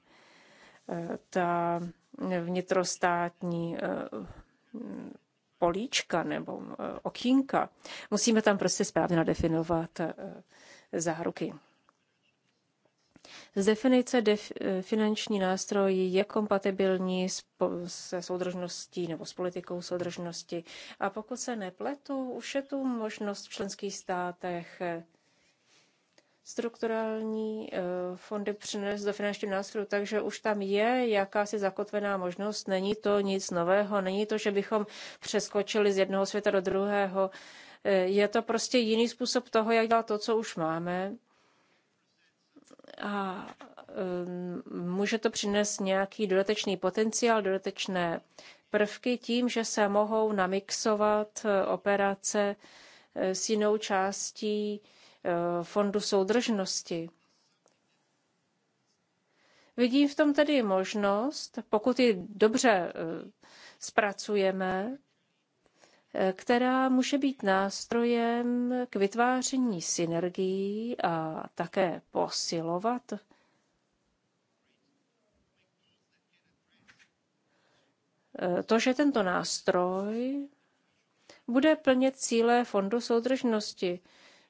[SPEAKER 3] Eh, ta vnitrostátní políčka nebo okýnka, musíme tam prostě správně nadefinovat záruky. Z definice def, eh, finanční nástroj je kompatibilní s, se soudržností nebo s politikou soudržnosti. A pokud se nepletu, už je tu možnost v členských státech eh, strukturální eh, fondy přinést do finančního nástrojů, takže už tam je jakási zakotvená možnost. Není to nic nového, není to, že bychom přeskočili z jednoho světa do druhého. Je to prostě jiný způsob toho, jak dělat to, co už máme a může to přinést nějaký dodatečný potenciál, dodatečné prvky tím, že se mohou namixovat eh, operace eh, s jinou částí eh, fondu soudržnosti. Vidím v tom tedy možnost, pokud ji dobře zpracujeme, která může být nástrojem k vytváření synergií a také posilovat to, že tento nástroj bude plnit cíle Fondu soudržnosti.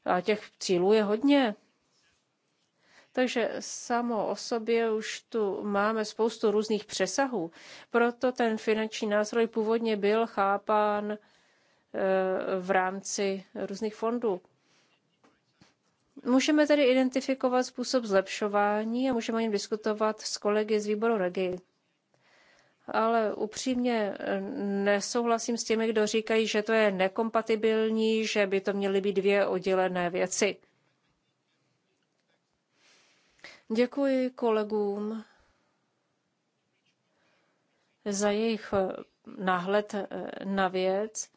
[SPEAKER 3] A těch cílů je hodně. Takže samo o sobě už tu máme spoustu různých přesahů. Proto ten finanční nástroj původně byl chápán v rámci různých fondů. Můžeme tedy identifikovat způsob zlepšování a můžeme o něm diskutovat s kolegy z výboru Regi. Ale upřímně eh, nesouhlasím s těmi, kdo říkají, že to je nekompatibilní, že by to měly být dvě oddělené věci. Děkuji kolegům za jejich eh, náhled eh, na věc.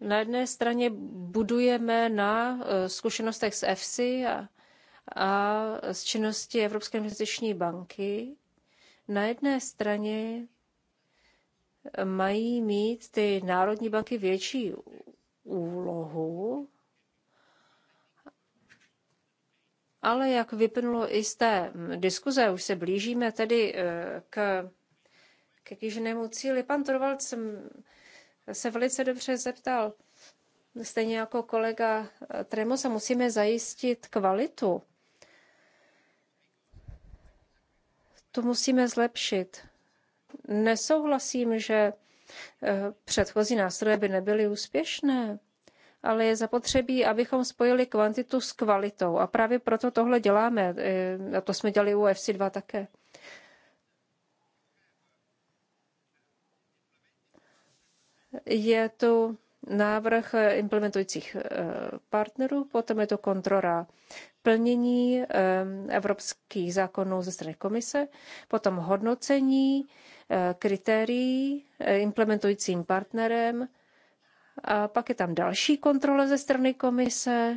[SPEAKER 3] Na jedné straně budujeme na e, zkušenostech s EFSI a, a z činnosti Evropské investiční banky. Na jedné straně e, mají mít ty národní banky větší úlohu, ale jak vyplnulo i z té diskuze, už se blížíme tedy e, k, k kýženému cíli. Pan Torvalds se velice dobře zeptal. Stejně jako kolega eh, Tremosa, musíme zajistit kvalitu. To musíme zlepšit. Nesouhlasím, že eh, předchozí nástroje by nebyly úspěšné, ale je zapotřebí, abychom spojili kvantitu s kvalitou. A právě proto tohle děláme. Eh, a to jsme dělali u FC2 také. Je tu návrh implementujících eh, partnerů, potom je to kontrola plnění eh, evropských zákonů ze strany komise, potom hodnocení eh, kritérií implementujícím partnerem, a pak je tam další kontrola ze strany komise,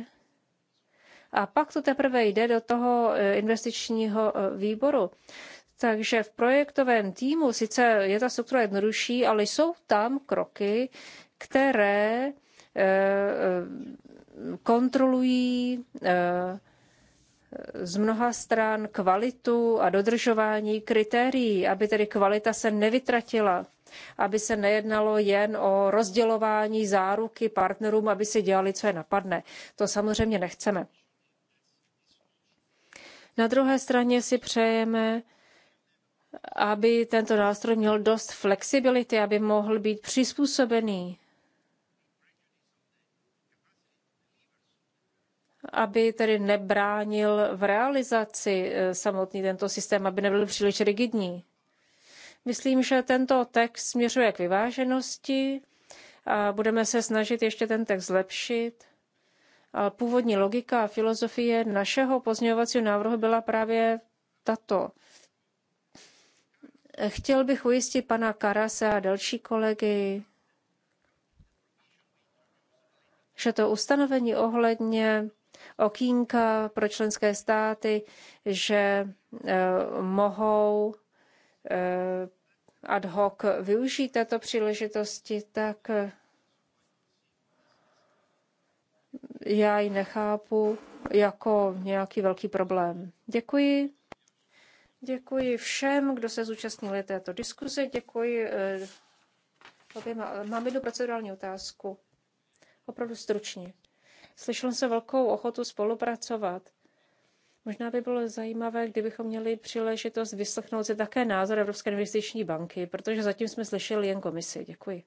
[SPEAKER 3] a pak to teprve jde do toho investičního výboru. Takže v projektovém týmu sice je ta struktura jednodušší, ale jsou tam kroky, které eh, eh, kontrolují eh, z mnoha stran kvalitu a dodržování kritérií, aby tedy kvalita se nevytratila, aby se nejednalo jen o rozdělování záruky partnerům, aby si dělali, co je napadne. To samozřejmě nechceme. Na druhé straně si přejeme aby tento nástroj měl dost flexibility, aby mohl být přizpůsobený, aby tedy nebránil v realizaci eh, samotný tento systém, aby nebyl příliš rigidní. Myslím, že tento text směřuje k vyváženosti a budeme se snažit ještě ten text zlepšit. A původní logika a filozofie našeho pozměňovacího návrhu byla právě tato. Chtěl bych ujistit pana Karase a další kolegy, že to ustanovení ohledně okýnka pro členské státy, že eh, mohou eh, ad hoc využít této příležitosti, tak eh, já ji nechápu jako nějaký velký problém. Děkuji. Děkuji všem, kdo se zúčastnili této diskuze. Děkuji. Eh, mám jednu procedurální otázku. Opravdu stručně. Slyšel jsem velkou ochotu spolupracovat. Možná by bylo zajímavé, kdybychom měli příležitost vyslechnout si také názor Evropské investiční banky, protože zatím jsme slyšeli jen komisi. Děkuji.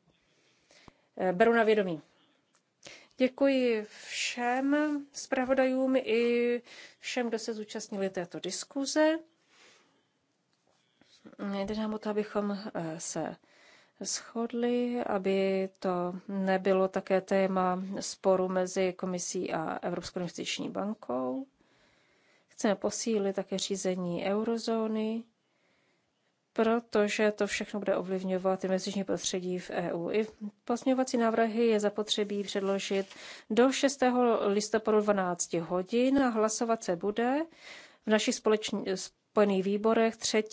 [SPEAKER 3] Eh, beru na vědomí. Děkuji všem zpravodajům i všem, kdo se zúčastnili této diskuze. Jde nám o to, abychom eh, se shodli, aby to nebylo také téma sporu mezi komisí a Evropskou investiční bankou. Chceme posílit také řízení eurozóny, protože to všechno bude ovlivňovat investiční prostředí v EU. I pozměňovací návrhy je zapotřebí předložit do 6. listopadu 12 hodin a hlasovat se bude v našich společných spojených výborech 3.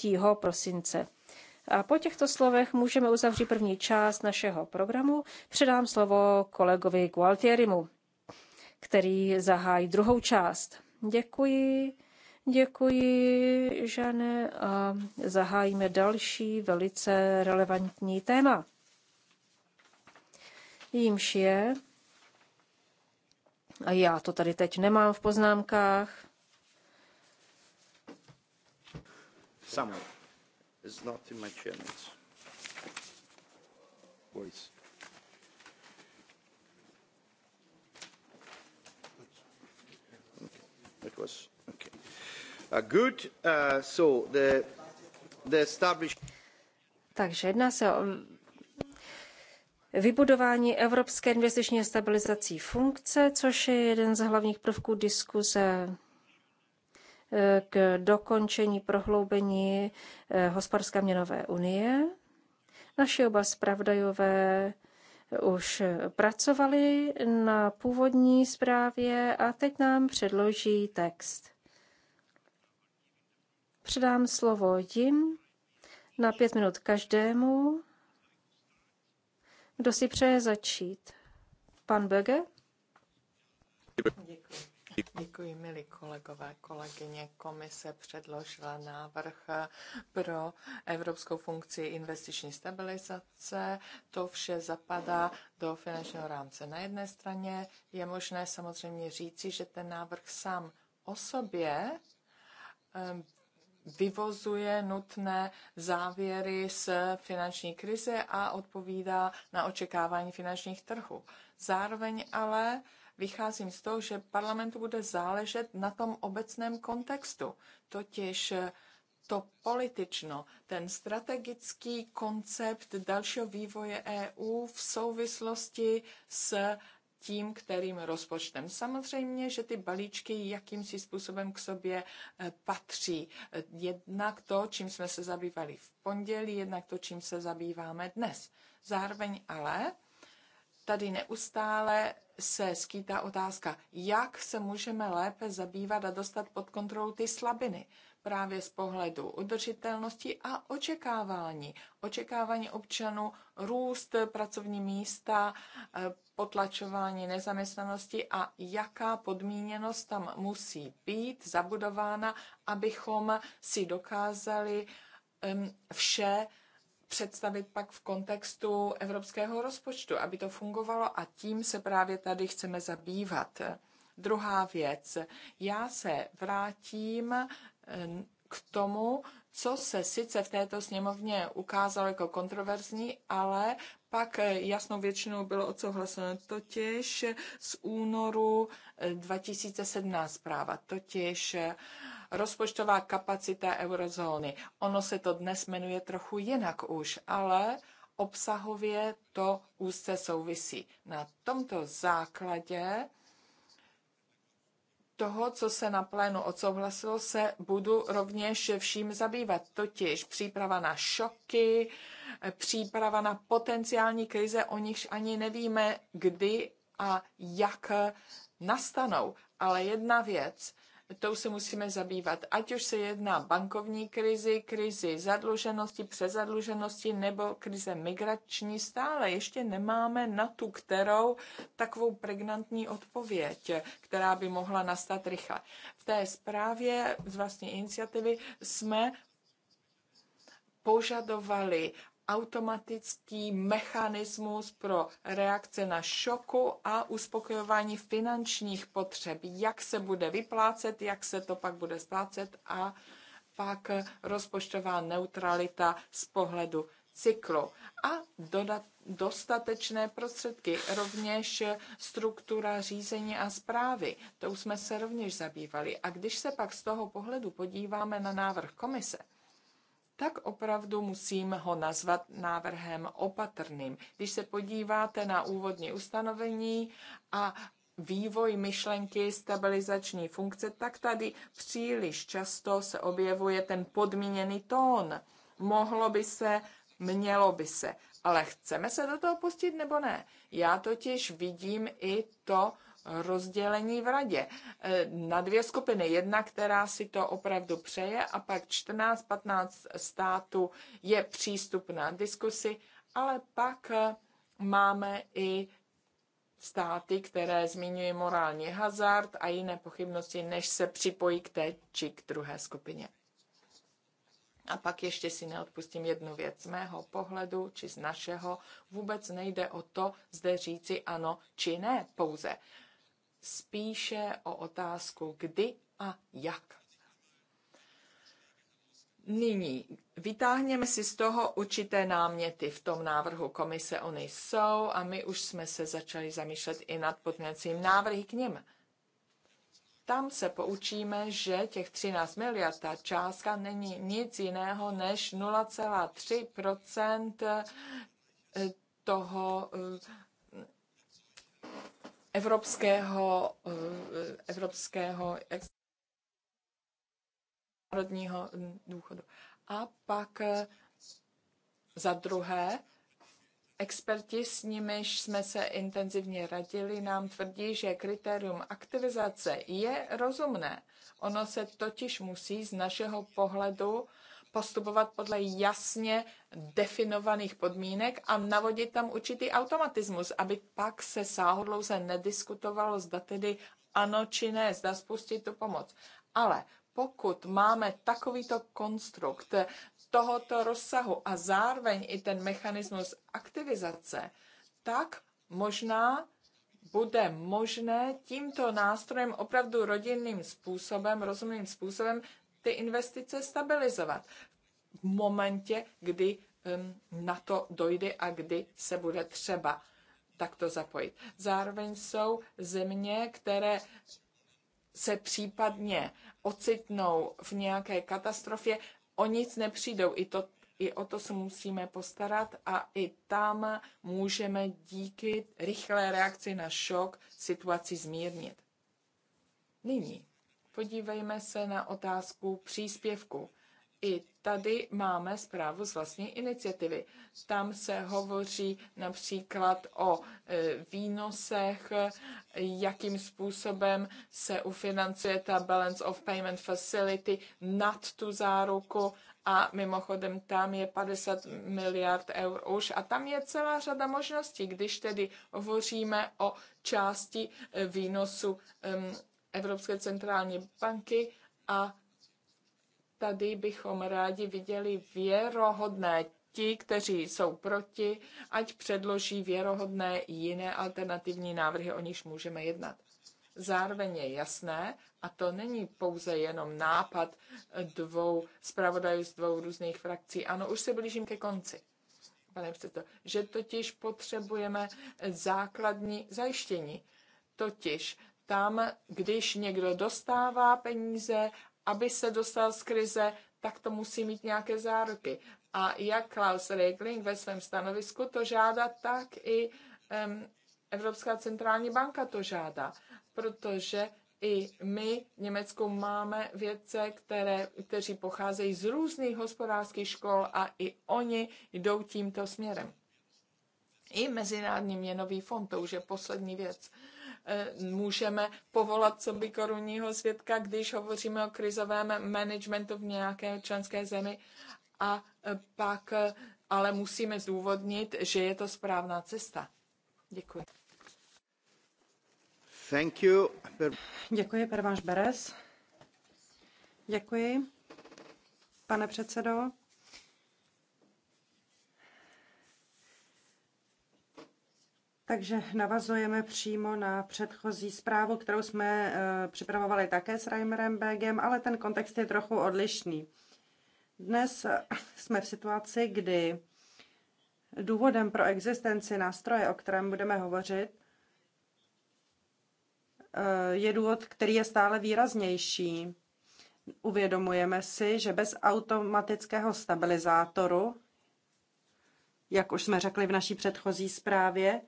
[SPEAKER 3] prosince. A po těchto slovech můžeme uzavřít první část našeho programu. Předám slovo kolegovi Gualtierimu, který zahájí druhou část. Děkuji, děkuji, Žane, a zahájíme další velice relevantní téma. Jímž je, a já to tady teď nemám v poznámkách,
[SPEAKER 2] somewhere. It's not in my channels. Voice. Okay. It was okay. Uh, good. Uh, so the the established.
[SPEAKER 3] Takže jedná se o vybudování Evropské investiční stabilizací funkce, což je jeden z hlavních prvků diskuze Eh, k dokončení prohloubení eh, hospodářské měnové unie. Naši oba zpravdajové eh, už pracovali na původní zprávě a teď nám předloží text. Předám slovo jim na pět minut každému. Kdo si přeje začít? Pan Böge? Děkuji.
[SPEAKER 4] Děkuji, milí kolegové, kolegyně. Komise předložila návrh pro Evropskou funkci investiční stabilizace. To vše zapadá do finančního rámce. Na jedné straně je možné samozřejmě říci, že ten návrh sám o sobě ehm, vyvozuje nutné závěry z finanční krize a odpovídá na očekávání finančních trhů. Zároveň ale vycházím z toho, že parlamentu bude záležet na tom obecném kontextu, totiž eh, to politično, ten strategický koncept dalšího vývoje EU v souvislosti s tím, kterým rozpočtem. Samozřejmě, že ty balíčky jakýmsi způsobem k sobě eh, patří. Eh, jednak to, čím jsme se zabývali v pondělí, jednak to, čím se zabýváme dnes. Zároveň ale tady neustále se skýtá otázka, jak se můžeme lépe zabývat a dostat pod kontrolu ty slabiny právě z pohledu udržitelnosti a očekávání. Očekávání občanů, růst pracovní místa, eh, potlačování nezaměstnanosti a jaká podmíněnost tam musí být zabudována, abychom si dokázali vše představit pak v kontextu evropského rozpočtu, aby to fungovalo a tím se právě tady chceme zabývat. Druhá věc, já se vrátím eh, k tomu, co se sice v této sněmovně ukázalo jako kontroverzní, ale pak eh, jasnou většinou bylo odsouhlaseno totiž z únoru 2017 eh, práva, totiž rozpočtová kapacita eurozóny. Ono se to dnes jmenuje trochu jinak už, ale obsahově to úzce souvisí. Na tomto základě toho, co se na plénu odsouhlasilo, se budu rovněž vším zabývat, totiž příprava na šoky, příprava na potenciální krize, o nichž ani nevíme, kdy a jak nastanou. Ale jedna věc tou se musíme zabývat. Ať už se jedná bankovní krizi, krizi zadluženosti, přezadluženosti nebo krize migrační, stále ještě nemáme na tu, kterou takovou pregnantní odpověď, která by mohla nastat rychle. V té zprávě z vlastní iniciativy jsme požadovali automatický mechanismus pro reakce na šoku a uspokojování finančních potřeb, jak se bude vyplácet, jak se to pak bude splácet a pak rozpočtová neutralita z pohledu cyklu a dodat dostatečné prostředky, rovněž struktura řízení a zprávy. To už jsme se rovněž zabývali. A když se pak z toho pohledu podíváme na návrh komise, tak opravdu musím ho nazvat návrhem opatrným. Když se podíváte na úvodní ustanovení a vývoj myšlenky stabilizační funkce, tak tady příliš často se objevuje ten podmíněný tón. Mohlo by se, mělo by se, ale chceme se do toho pustit nebo ne? Já totiž vidím i to rozdělení v radě e, na dvě skupiny. Jedna, která si to opravdu přeje a pak 14-15 států je přístup na diskusi, ale pak e, máme i státy, které zmiňují morální hazard a jiné pochybnosti, než se připojí k té či k druhé skupině. A pak ještě si neodpustím jednu věc. Z mého pohledu či z našeho vůbec nejde o to zde říci ano či ne pouze spíše o otázku kdy a jak. Nyní vytáhněme si z toho určité náměty v tom návrhu komise, oni jsou a my už jsme se začali zamýšlet i nad podměnacím návrhy k něm. Tam se poučíme, že těch 13 miliard, ta částka není nic jiného než 0,3 eh, toho eh, evropského, eh, evropského národního mm, důchodu. A pak eh, za druhé, experti, s nimiž jsme se intenzivně radili, nám tvrdí, že kritérium aktivizace je rozumné. Ono se totiž musí z našeho pohledu postupovat podle jasně definovaných podmínek a navodit tam určitý automatismus, aby pak se sáhodlouze nediskutovalo, zda tedy ano či ne, zda spustit tu pomoc. Ale pokud máme takovýto konstrukt tohoto rozsahu a zároveň i ten mechanismus aktivizace, tak možná bude možné tímto nástrojem opravdu rodinným způsobem, rozumným způsobem ty investice stabilizovat v momentě, kdy na to dojde a kdy se bude třeba takto zapojit. Zároveň jsou země, které se případně ocitnou v nějaké katastrofě, o nic nepřijdou. I, to, I o to se musíme postarat a i tam můžeme díky rychlé reakci na šok situaci zmírnit. Nyní Podívejme se na otázku příspěvku. I tady máme zprávu z vlastní iniciativy. Tam se hovoří například o e, výnosech, jakým způsobem se ufinancuje ta Balance of Payment Facility nad tu záruku a mimochodem tam je 50 miliard eur už a tam je celá řada možností, když tedy hovoříme o části e, výnosu Evropské centrální banky a tady bychom rádi viděli věrohodné ti, kteří jsou proti, ať předloží věrohodné jiné alternativní návrhy, o nichž můžeme jednat. Zároveň je jasné, a to není pouze jenom nápad dvou zpravodajů z dvou různých frakcí. Ano, už se blížím ke konci, pane předsedo, že totiž potřebujeme základní zajištění. Totiž tam, když někdo dostává peníze, aby se dostal z krize, tak to musí mít nějaké záruky. A jak Klaus Regling ve svém stanovisku to žádá, tak i um, Evropská centrální banka to žádá, protože i my v Německu máme vědce, které, kteří pocházejí z různých hospodářských škol a i oni jdou tímto směrem. I Mezinárodní měnový fond, to už je poslední věc. Uh, Eh, můžeme povolat co by korunního svědka, když hovoříme o krizovém managementu v nějaké členské zemi a eh, pak eh, ale musíme zdůvodnit, že je to správná cesta.
[SPEAKER 1] Děkuji.
[SPEAKER 2] Thank you. Děkuji,
[SPEAKER 1] Perváš Beres. Děkuji, pane předsedo. Takže navazujeme přímo na předchozí zprávu, kterou jsme eh, připravovali také s Reimerem Begem, ale ten kontext je trochu odlišný. Dnes eh, jsme v situaci, kdy důvodem pro existenci nástroje, o kterém budeme hovořit, eh, je důvod, který je stále výraznější. Uvědomujeme si, že bez automatického stabilizátoru, jak už jsme řekli v naší předchozí zprávě,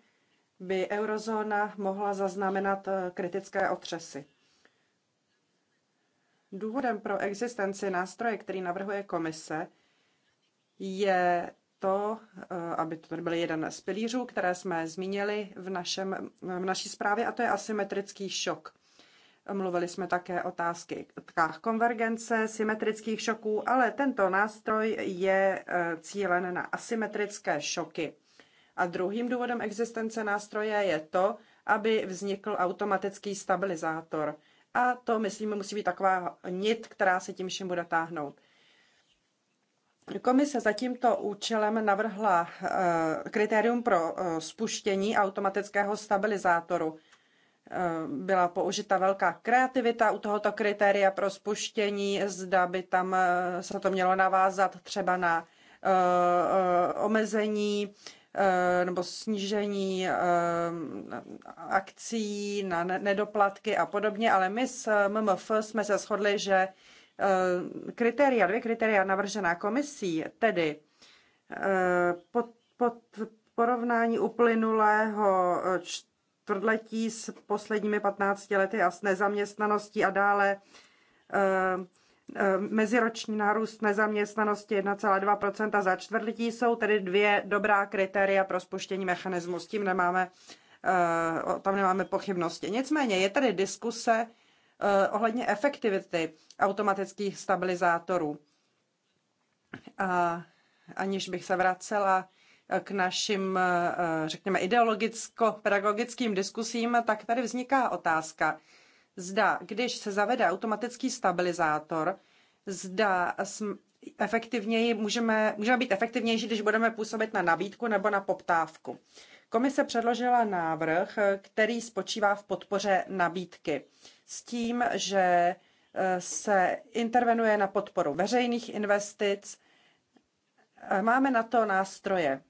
[SPEAKER 1] by eurozóna mohla zaznamenat eh, kritické otřesy. Důvodem pro existenci nástroje, který navrhuje komise, je to, eh, aby to byl jeden z pilířů, které jsme zmínili v, našem, v naší zprávě, a to je asymetrický šok. Mluvili jsme také o otázkách konvergence, symetrických šoků, ale tento nástroj je eh, cílen na asymetrické šoky. A druhým důvodem existence nástroje je to, aby vznikl automatický stabilizátor. A to, myslím, musí být taková nit, která se tím všem bude táhnout. Komise za tímto účelem navrhla eh, kritérium pro eh, spuštění automatického stabilizátoru. Eh, byla použita velká kreativita u tohoto kritéria pro spuštění, zda by tam se to mělo navázat třeba na omezení Eh, nebo snížení eh, akcí na nedoplatky a podobně, ale my s MMF jsme se shodli, že eh, kritéria, dvě kritéria navržená komisí, tedy pod, pod porovnání uplynulého čtvrtletí s posledními 15 lety a s nezaměstnaností a dále Eh, meziroční nárůst nezaměstnanosti 1,2 za čtvrtletí jsou tedy dvě dobrá kritéria pro spuštění mechanismu. S tím nemáme, eh, tam nemáme pochybnosti. Nicméně je tady diskuse eh, ohledně efektivity automatických stabilizátorů. A aniž bych se vracela k našim, řekněme, ideologicko-pedagogickým diskusím, tak tady vzniká otázka, zda když se zavede automatický stabilizátor, zda efektivněji můžeme, můžeme být efektivnější, když budeme působit na nabídku nebo na poptávku. Komise předložila návrh, který spočívá v podpoře nabídky s tím, že eh, se intervenuje na podporu veřejných investic. Eh, máme na to nástroje,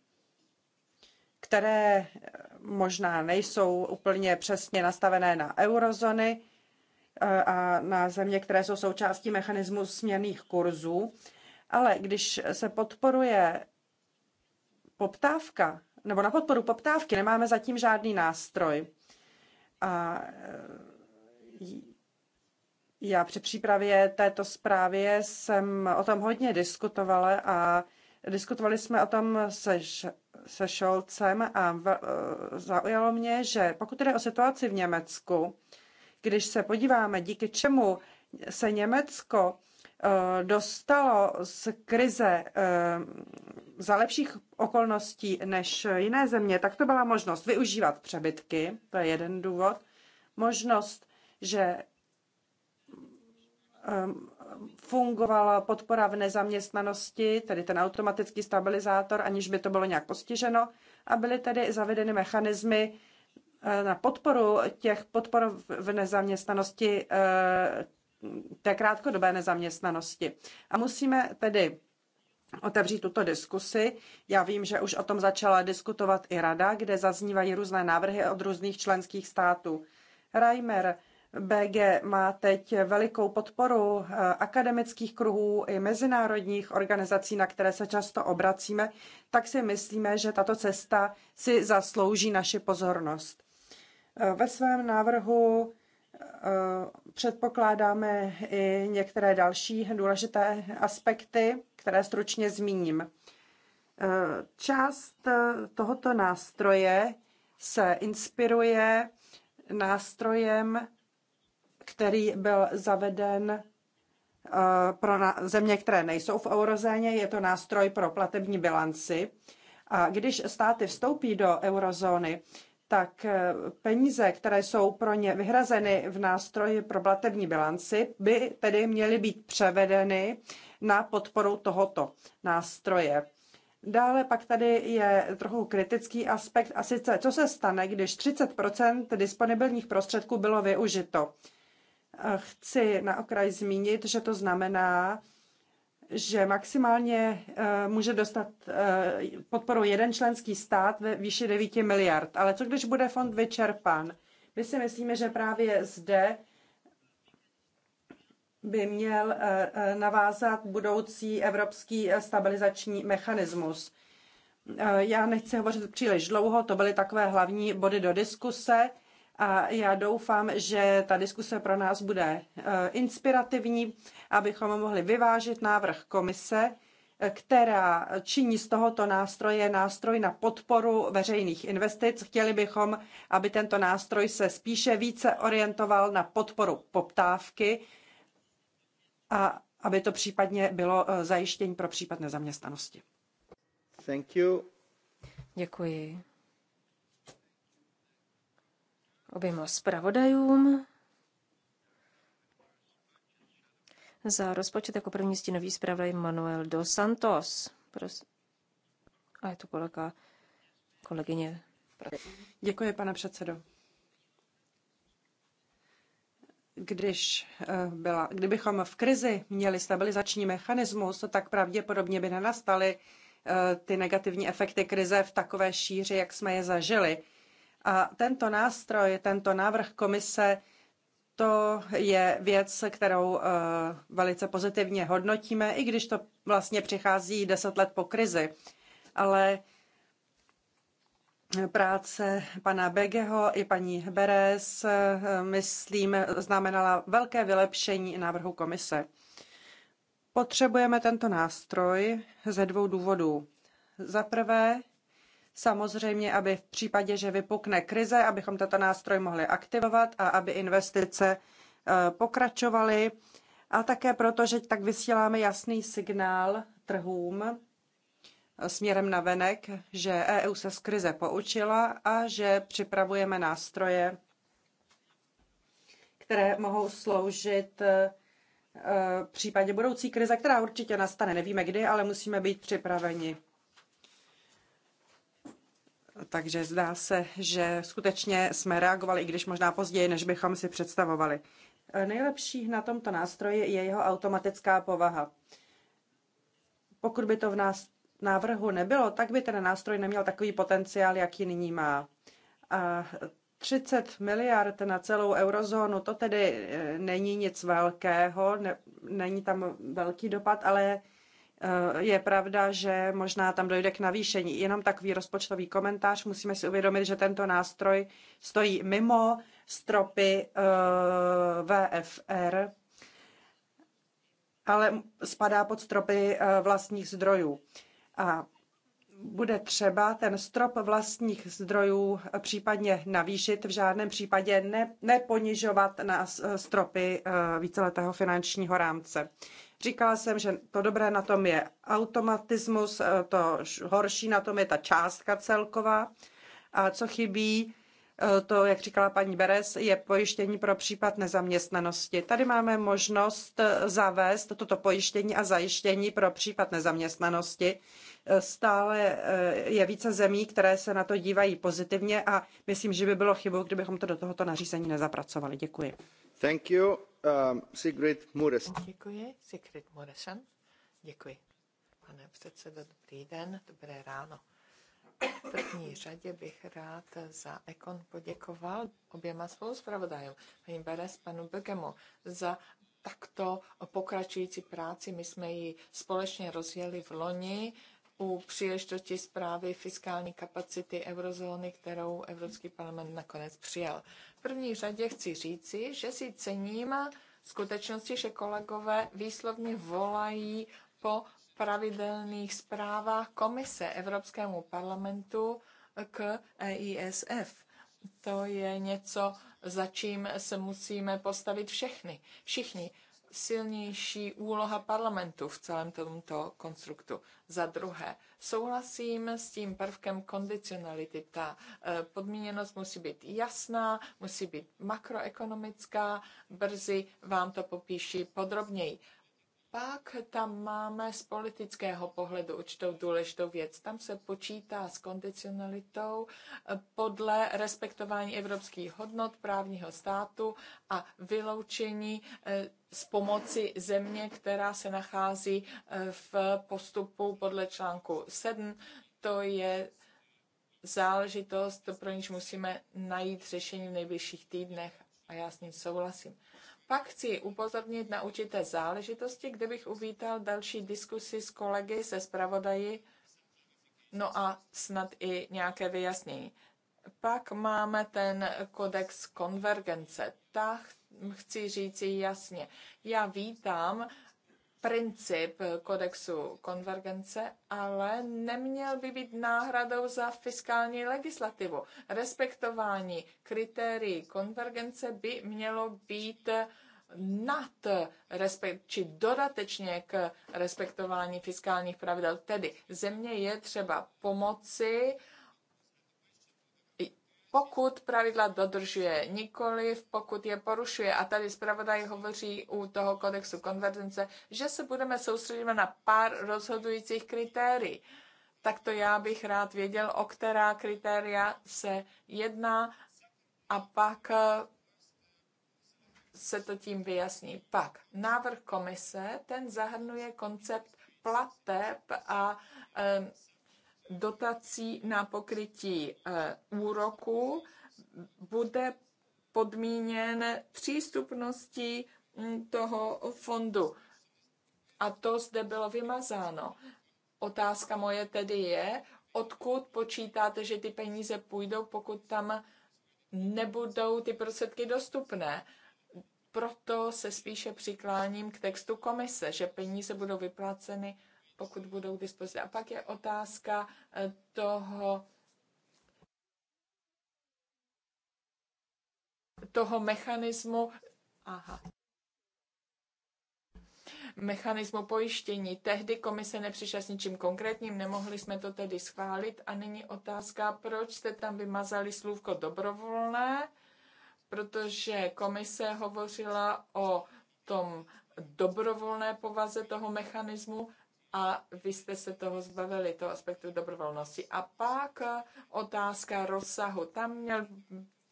[SPEAKER 1] které eh, možná nejsou úplně přesně nastavené na eurozony, a na země, které jsou součástí mechanismu směrných kurzů. Ale když se podporuje poptávka, nebo na podporu poptávky nemáme zatím žádný nástroj. A e, já při přípravě této zprávy jsem o tom hodně diskutovala a diskutovali jsme o tom se, se Šolcem a e, zaujalo mě, že pokud jde o situaci v Německu, když se podíváme, díky čemu se Německo eh, dostalo z krize eh, za lepších okolností než jiné země, tak to byla možnost využívat přebytky, to je jeden důvod, možnost, že ehm, fungovala podpora v nezaměstnanosti, tedy ten automatický stabilizátor, aniž by to bylo nějak postiženo, a byly tedy zavedeny mechanismy na podporu těch podpor v nezaměstnanosti, eh, té krátkodobé nezaměstnanosti. A musíme tedy otevřít tuto diskusi. Já vím, že už o tom začala diskutovat i rada, kde zaznívají různé návrhy od různých členských států. Reimer, BG má teď velikou podporu eh, akademických kruhů i mezinárodních organizací, na které se často obracíme, tak si myslíme, že tato cesta si zaslouží naši pozornost. Eh, ve svém návrhu eh, předpokládáme i některé další důležité aspekty, které stručně zmíním. Eh, část tohoto nástroje se inspiruje nástrojem, který byl zaveden pro země, které nejsou v eurozóně. Je to nástroj pro platební bilanci. A když státy vstoupí do eurozóny, tak eh, peníze, které jsou pro ně vyhrazeny v nástroji pro platební bilanci, by tedy měly být převedeny na podporu tohoto nástroje. Dále pak tady je trochu kritický aspekt, a sice co se stane, když 30 disponibilních prostředků bylo využito. Eh, chci na okraj zmínit, že to znamená, že maximálně eh, může dostat eh, podporu jeden členský stát ve výši 9 miliard. Ale co když bude fond vyčerpán? My si myslíme, že právě zde by měl eh, navázat budoucí evropský stabilizační mechanismus. Já nechci hovořit příliš dlouho, to byly takové hlavní body do diskuse. A já doufám, že ta diskuse pro nás bude eh, inspirativní, abychom mohli vyvážit návrh komise, eh, která činí z tohoto nástroje nástroj na podporu veřejných investic. Chtěli bychom, aby tento nástroj se spíše více orientoval na podporu poptávky a aby to případně bylo eh, zajištění pro případ nezaměstnanosti. Thank you. Děkuji
[SPEAKER 3] oběma zpravodajům. Za rozpočet jako první stínový zpravodaj Manuel dos Santos. Pros- a je tu kolega, kolegyně. Děkuji, pane předsedo. Když
[SPEAKER 1] eh, byla, kdybychom v krizi měli stabilizační mechanismus, tak pravděpodobně by nenastaly eh, ty negativní efekty krize v takové šíři, jak jsme je zažili a tento nástroj, tento návrh komise, to je věc, kterou eh, velice pozitivně hodnotíme, i když to vlastně přichází deset let po krizi. Ale práce pana Begeho i paní Beres, eh, myslím, znamenala velké vylepšení návrhu komise. Potřebujeme tento nástroj ze dvou důvodů. Za prvé, Samozřejmě, aby v případě, že vypukne krize, abychom tato nástroj mohli aktivovat a aby investice eh, pokračovaly. A také proto, že tak vysíláme jasný signál trhům eh, směrem na venek, že EU se z krize poučila a že připravujeme nástroje, které mohou sloužit eh, v případě budoucí krize, která určitě nastane. Nevíme kdy, ale musíme být připraveni. Takže zdá se, že skutečně jsme reagovali, i když možná později, než bychom si představovali. Nejlepší na tomto nástroji je jeho automatická povaha. Pokud by to v nás návrhu nebylo, tak by ten nástroj neměl takový potenciál, jaký nyní má. A 30 miliard na celou eurozónu, to tedy e, není nic velkého, ne, není tam velký dopad, ale Eh, je pravda, že možná tam dojde k navýšení. Jenom takový rozpočtový komentář. Musíme si uvědomit, že tento nástroj stojí mimo stropy eh, VFR, ale spadá pod stropy eh, vlastních zdrojů. A bude třeba ten strop vlastních zdrojů případně navýšit, v žádném případě ne, neponižovat na stropy víceletého finančního rámce. Říkala jsem, že to dobré na tom je automatismus, eh, to horší na tom je ta částka celková. A co chybí, eh, to, jak říkala paní Beres, je pojištění pro případ nezaměstnanosti. Tady máme možnost eh, zavést toto pojištění a zajištění pro případ nezaměstnanosti. Stále je více zemí, které se na to dívají pozitivně a myslím, že by bylo chybou, kdybychom to do tohoto nařízení nezapracovali. Děkuji.
[SPEAKER 2] Thank you, um, Sigrid Mures. Děkuji, Sigrid Muresen. Děkuji.
[SPEAKER 4] Pane předsedo, dobrý den, dobré ráno. V první řadě bych rád za Ekon poděkoval oběma spoluzpravodajům, paní Beres, panu Begemu, za takto pokračující práci. My jsme ji společně rozjeli v loni u příležitosti zprávy fiskální kapacity eurozóny, kterou Evropský parlament nakonec přijal. V první řadě chci říci, že si cením skutečnosti, že kolegové výslovně volají po pravidelných zprávách Komise Evropskému parlamentu k EISF. To je něco, za čím se musíme postavit všechny. Všichni silnější úloha parlamentu v celém tomto konstruktu. Za druhé, souhlasím s tím prvkem kondicionality. Ta e, podmíněnost musí být jasná, musí být makroekonomická. Brzy vám to popíši podrobněji. Pak tam máme z politického pohledu určitou důležitou věc. Tam se počítá s kondicionalitou eh, podle respektování evropských hodnot právního státu a vyloučení eh, z pomoci země, která se nachází eh, v postupu podle článku 7. To je záležitost, pro níž musíme najít řešení v nejbližších týdnech a já s ním souhlasím. Pak chci upozornit na určité záležitosti, kde bych uvítal další diskusi s kolegy, se zpravodaji, no a snad i nějaké vyjasnění. Pak máme ten kodex konvergence. Ta chci říci jasně. Já vítám princip kodexu konvergence, ale neměl by být náhradou za fiskální legislativu. Respektování kritérií konvergence by mělo být nad respekt, či dodatečně k respektování fiskálních pravidel. Tedy země je třeba pomoci pokud pravidla dodržuje, nikoli pokud je porušuje. A tady zpravodaj hovoří u toho kodexu konvergence, že se budeme soustředit na pár rozhodujících kritérií. Tak to já bych rád věděl, o která kritéria se jedná a pak eh, se to tím vyjasní. Pak návrh komise, ten zahrnuje koncept plateb a um, dotací na pokrytí eh, úroku bude podmíněn přístupností mm, toho fondu. A to zde bylo vymazáno. Otázka moje tedy je, odkud počítáte, že ty peníze půjdou, pokud tam nebudou ty prostředky dostupné. Proto se spíše přikláním k textu komise, že peníze budou vypláceny pokud budou k dispozici. A pak je otázka eh, toho, toho mechanismu, aha, mechanismu pojištění. Tehdy komise nepřišla s ničím konkrétním, nemohli jsme to tedy schválit a není otázka, proč jste tam vymazali slůvko dobrovolné, protože komise hovořila o tom dobrovolné povaze toho mechanismu a vy jste se toho zbavili, toho aspektu dobrovolnosti. A pak eh, otázka rozsahu. Tam měl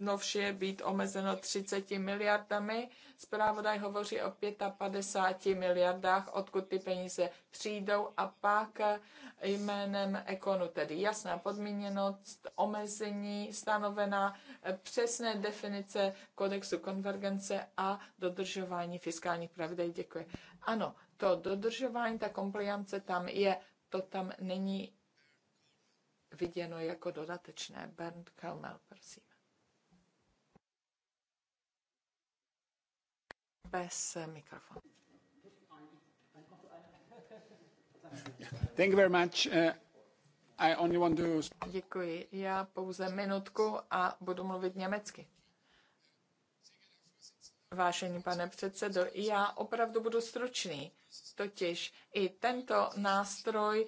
[SPEAKER 4] novšie být omezeno 30 miliardami. Zprávodaj hovoří o 55 miliardách, odkud ty peníze přijdou a pak eh, jménem ekonu, tedy jasná podmíněnost, omezení stanovená, eh, přesné definice kodexu konvergence a dodržování fiskálních pravidel. Děkuji. Ano, to dodržování, ta kompliance tam je, to tam není viděno jako dodatečné. Bernd Kalmel, prosím. Bez eh, mikrofonu. Thank you very much. Eh, I only want to... Děkuji. Já pouze minutku a budu mluvit německy. Vážený pane předsedo, já opravdu budu stručný. Totiž i tento nástroj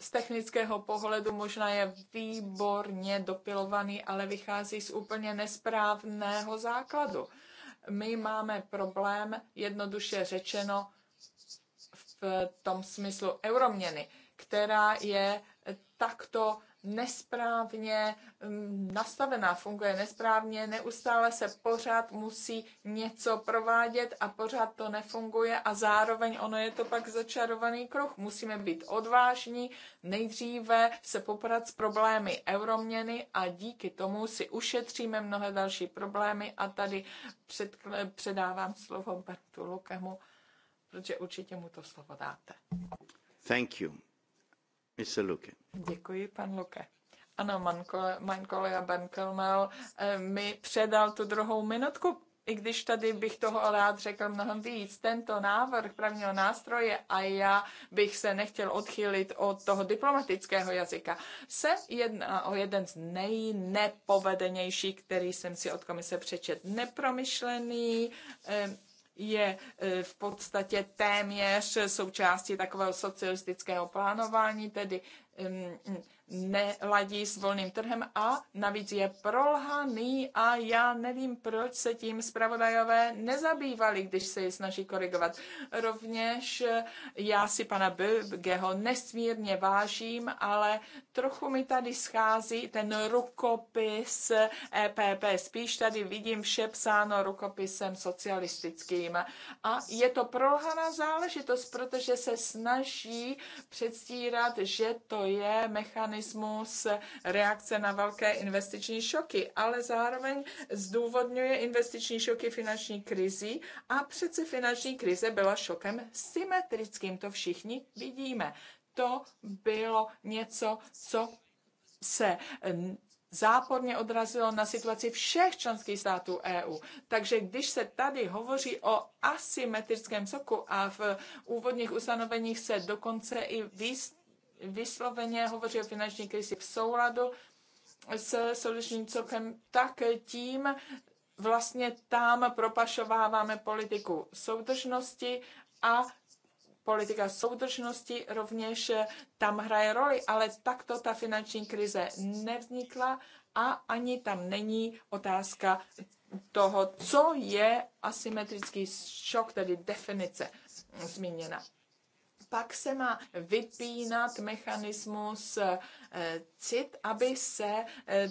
[SPEAKER 4] z technického pohledu možná je výborně dopilovaný, ale vychází z úplně nesprávného základu. My máme problém, jednoduše řečeno, v tom smyslu euroměny, která je takto nesprávně mm, nastavená, funguje nesprávně, neustále se pořád musí něco provádět a pořád to nefunguje a zároveň ono je to pak začarovaný kruh. Musíme být odvážní, nejdříve se poprat s problémy euroměny a díky tomu si ušetříme mnohé další problémy a tady předávám slovo Bertu Lukemu, protože určitě mu to slovo dáte.
[SPEAKER 2] Thank you, Mr. Luke.
[SPEAKER 4] Děkuji, pan Luke. Ano, mein kolega Ben Kelmel eh, mi předal tu druhou minutku, i když tady bych toho rád řekl mnohem víc. Tento návrh pravního nástroje, a já bych se nechtěl odchylit od toho diplomatického jazyka, se jedná o jeden z nejnepovedenějších, který jsem si od komise přečet. Nepromyšlený, eh, je eh, v podstatě téměř součástí takového socialistického plánování, tedy um, neladí s volným trhem a navíc je prolhaný a já nevím, proč se tím zpravodajové nezabývali, když se je snaží korigovat. Rovněž eh, já si pana Bögeho nesmírně vážím, ale trochu mi tady schází ten rukopis EPP. Spíš tady vidím vše psáno rukopisem socialistickým. A je to prolhaná záležitost, protože se snaží předstírat, že to je mechanismus mechanismus reakce na velké investiční šoky, ale zároveň zdůvodňuje investiční šoky finanční krizi a přece finanční krize byla šokem symetrickým, to všichni vidíme. To bylo něco, co se záporně odrazilo na situaci všech členských států EU. Takže když se tady hovoří o asymetrickém soku a v úvodních ustanoveních se dokonce i výst vysloveně hovoří o finanční krizi v souladu s solučním celkem, tak tím vlastně tam propašováváme politiku soudržnosti a politika soudržnosti rovněž tam hraje roli, ale takto ta finanční krize nevznikla a ani tam není otázka toho, co je asymetrický šok, tedy definice zmíněna pak se má vypínat mechanismus eh, cit, aby se eh,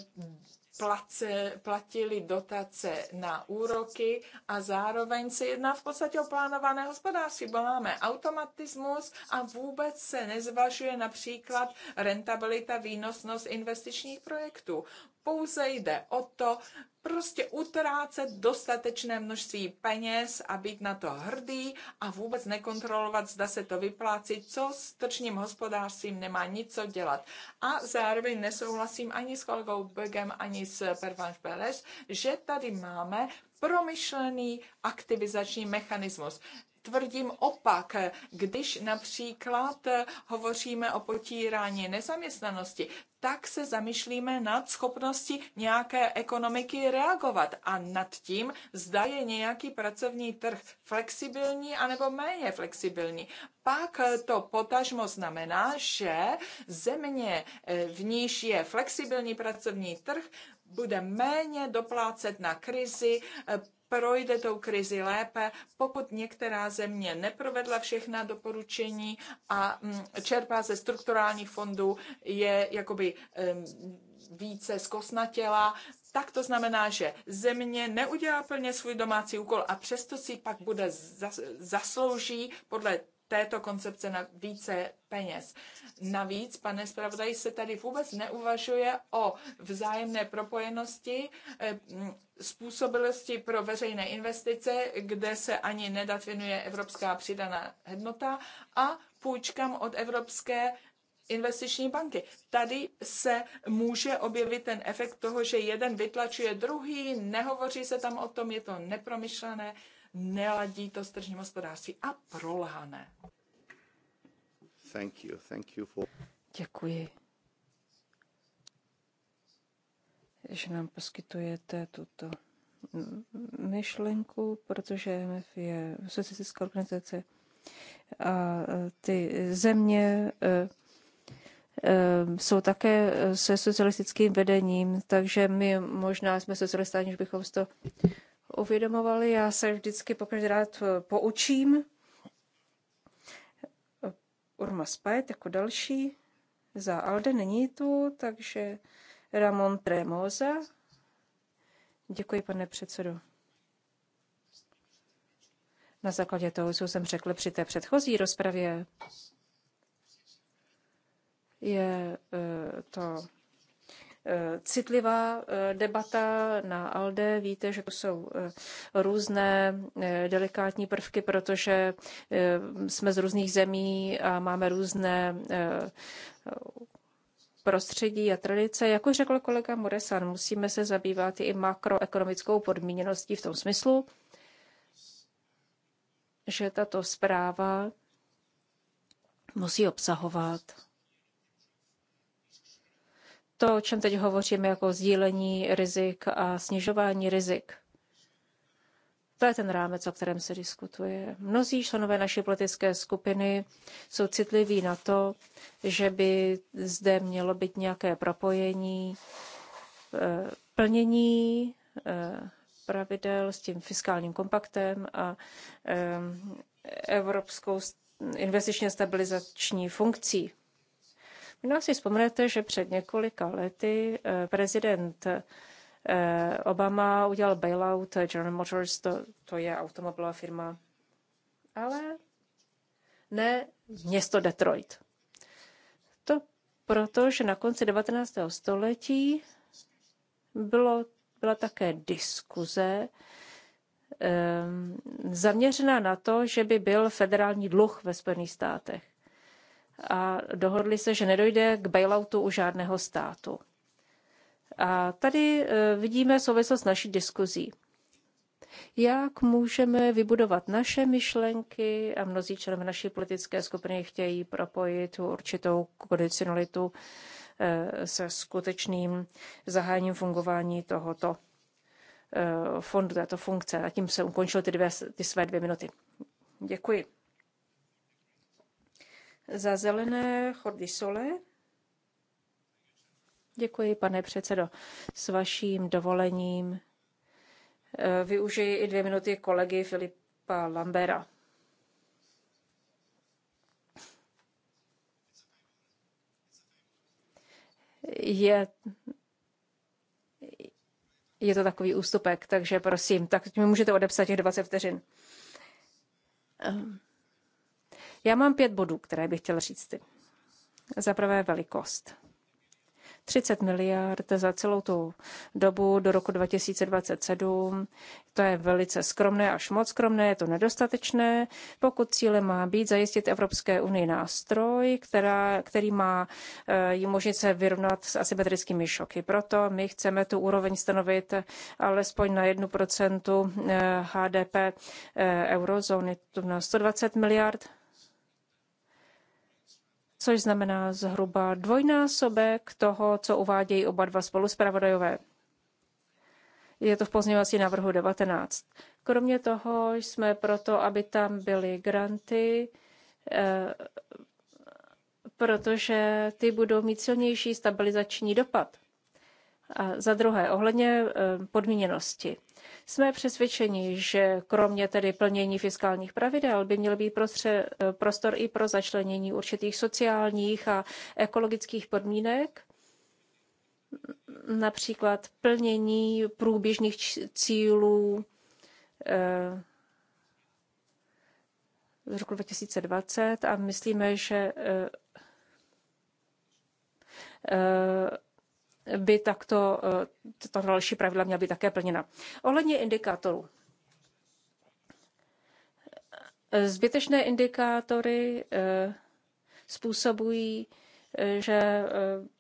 [SPEAKER 4] place, platili dotace na úroky a zároveň se jedná v podstatě o plánované hospodářství, bo máme automatismus a vůbec se nezvažuje například rentabilita, výnosnost investičních projektů. Pouze jde o to, prostě utrácet dostatečné množství peněz a být na to hrdý a vůbec nekontrolovat, zda se to vyplácí, co s tržním hospodářstvím nemá nic co dělat. A zároveň nesouhlasím ani s kolegou Bögem, ani s Pervanš Beres, že tady máme promyšlený aktivizační mechanismus, tvrdím opak. Když například hovoříme o potírání nezaměstnanosti, tak se zamýšlíme nad schopností nějaké ekonomiky reagovat a nad tím, zda je nějaký pracovní trh flexibilní anebo méně flexibilní. Pak to potažmo znamená, že země, eh, v níž je flexibilní pracovní trh, bude méně doplácet na krizi, eh, projde tou krizi lépe, pokud některá země neprovedla všechna doporučení a mm, čerpá ze strukturálních fondů, je jakoby více zkosnatěla, tak to znamená, že země neudělá plně svůj domácí úkol a přesto si pak bude zaslouží podle této koncepce na více peněz. Navíc, pane zpravodaj, se tady vůbec neuvažuje o vzájemné propojenosti, eh, způsobilosti pro veřejné investice, kde se ani nedafinuje evropská přidaná hodnota a půjčkám od Evropské investiční banky. Tady se může objevit ten efekt toho, že jeden vytlačuje druhý, nehovoří se tam o tom, je to nepromyšlené neladí to s tržním hospodářství a prolhané.
[SPEAKER 2] Thank you, thank you for...
[SPEAKER 3] Děkuji, že nám poskytujete tuto myšlenku, protože MF je socialistická organizace a ty země eh, eh, jsou také se socialistickým vedením, takže my možná jsme socialistáni, už bychom to uvědomovali. Já se vždycky pokaždé rád eh, poučím. Urma Spajet jako další za Alde není tu, takže Ramon Tremosa. Děkuji, pane předsedo. Na základě toho, co jsem řekl při té předchozí rozpravě, je eh, to Eh, citlivá eh, debata na ALDE. Víte, že to jsou eh, různé delikátní prvky, protože jsme z různých zemí a máme různé prostředí a tradice. Jak už řekl kolega Muresan, musíme se zabývat i makroekonomickou podmíněností v tom smyslu, že tato zpráva musí obsahovat to, o čem teď hovoříme, jako sdílení rizik a snižování rizik. To je ten rámec, o kterém se diskutuje. Mnozí členové naší politické skupiny jsou citliví na to, že by zde mělo být nějaké propojení, eh, plnění eh, pravidel s tím fiskálním kompaktem a eh, evropskou investičně stabilizační funkcí. Možná no, si vzpomenete, že před několika lety eh, prezident eh, Obama udělal bailout General Motors, to, to je automobilová firma, ale ne město Detroit. To proto, že na konci 19. století bylo, byla také diskuze ehm, zaměřená na to, že by byl federální dluh ve Spojených státech a dohodli se, že nedojde k bailoutu u žádného státu. A tady e, vidíme souvislost naší diskuzí. Jak můžeme vybudovat naše myšlenky a mnozí členové naší politické skupiny chtějí propojit určitou kondicionalitu e, se skutečným zahájením fungování tohoto e, fondu, této funkce. A tím se ukončil ty, dvě, ty své dvě minuty. Děkuji. Za zelené Jordi Sole. Děkuji, pane předsedo. S vaším dovolením eh, využiji i dvě minuty kolegy Filipa Lambera. Je, je to takový ústupek, takže prosím, tak mi můžete odepsat těch 20 vteřin. Um. Já mám pět bodů, které bych chtěl říct. Za prvé velikost. 30 miliard za celou tu dobu do roku 2027. To je velice skromné, až moc skromné, je to nedostatečné. Pokud cílem má být zajistit Evropské unii nástroj, která, který má eh, ji možnit se vyrovnat s asymetrickými šoky. Proto my chceme tu úroveň stanovit alespoň na 1% eh, HDP eh, eurozóny, to na 120 miliard což znamená zhruba dvojnásobek toho, co uvádějí oba dva spoluspravodajové. Je to v pozměvací návrhu 19. Kromě toho jsme proto, aby tam byly granty, eh, protože ty budou mít silnější stabilizační dopad. A za druhé, ohledně eh, podmíněnosti. Jsme přesvědčeni, že kromě tedy plnění fiskálních pravidel by měl být prostře, prostor i pro začlenění určitých sociálních a ekologických podmínek, například plnění průběžných cílů eh, z roku 2020 a myslíme, že eh, eh, by takto eh, tato další pravidla měla být také plněna. Ohledně indikátorů. Eh, zbytečné indikátory eh, způsobují, že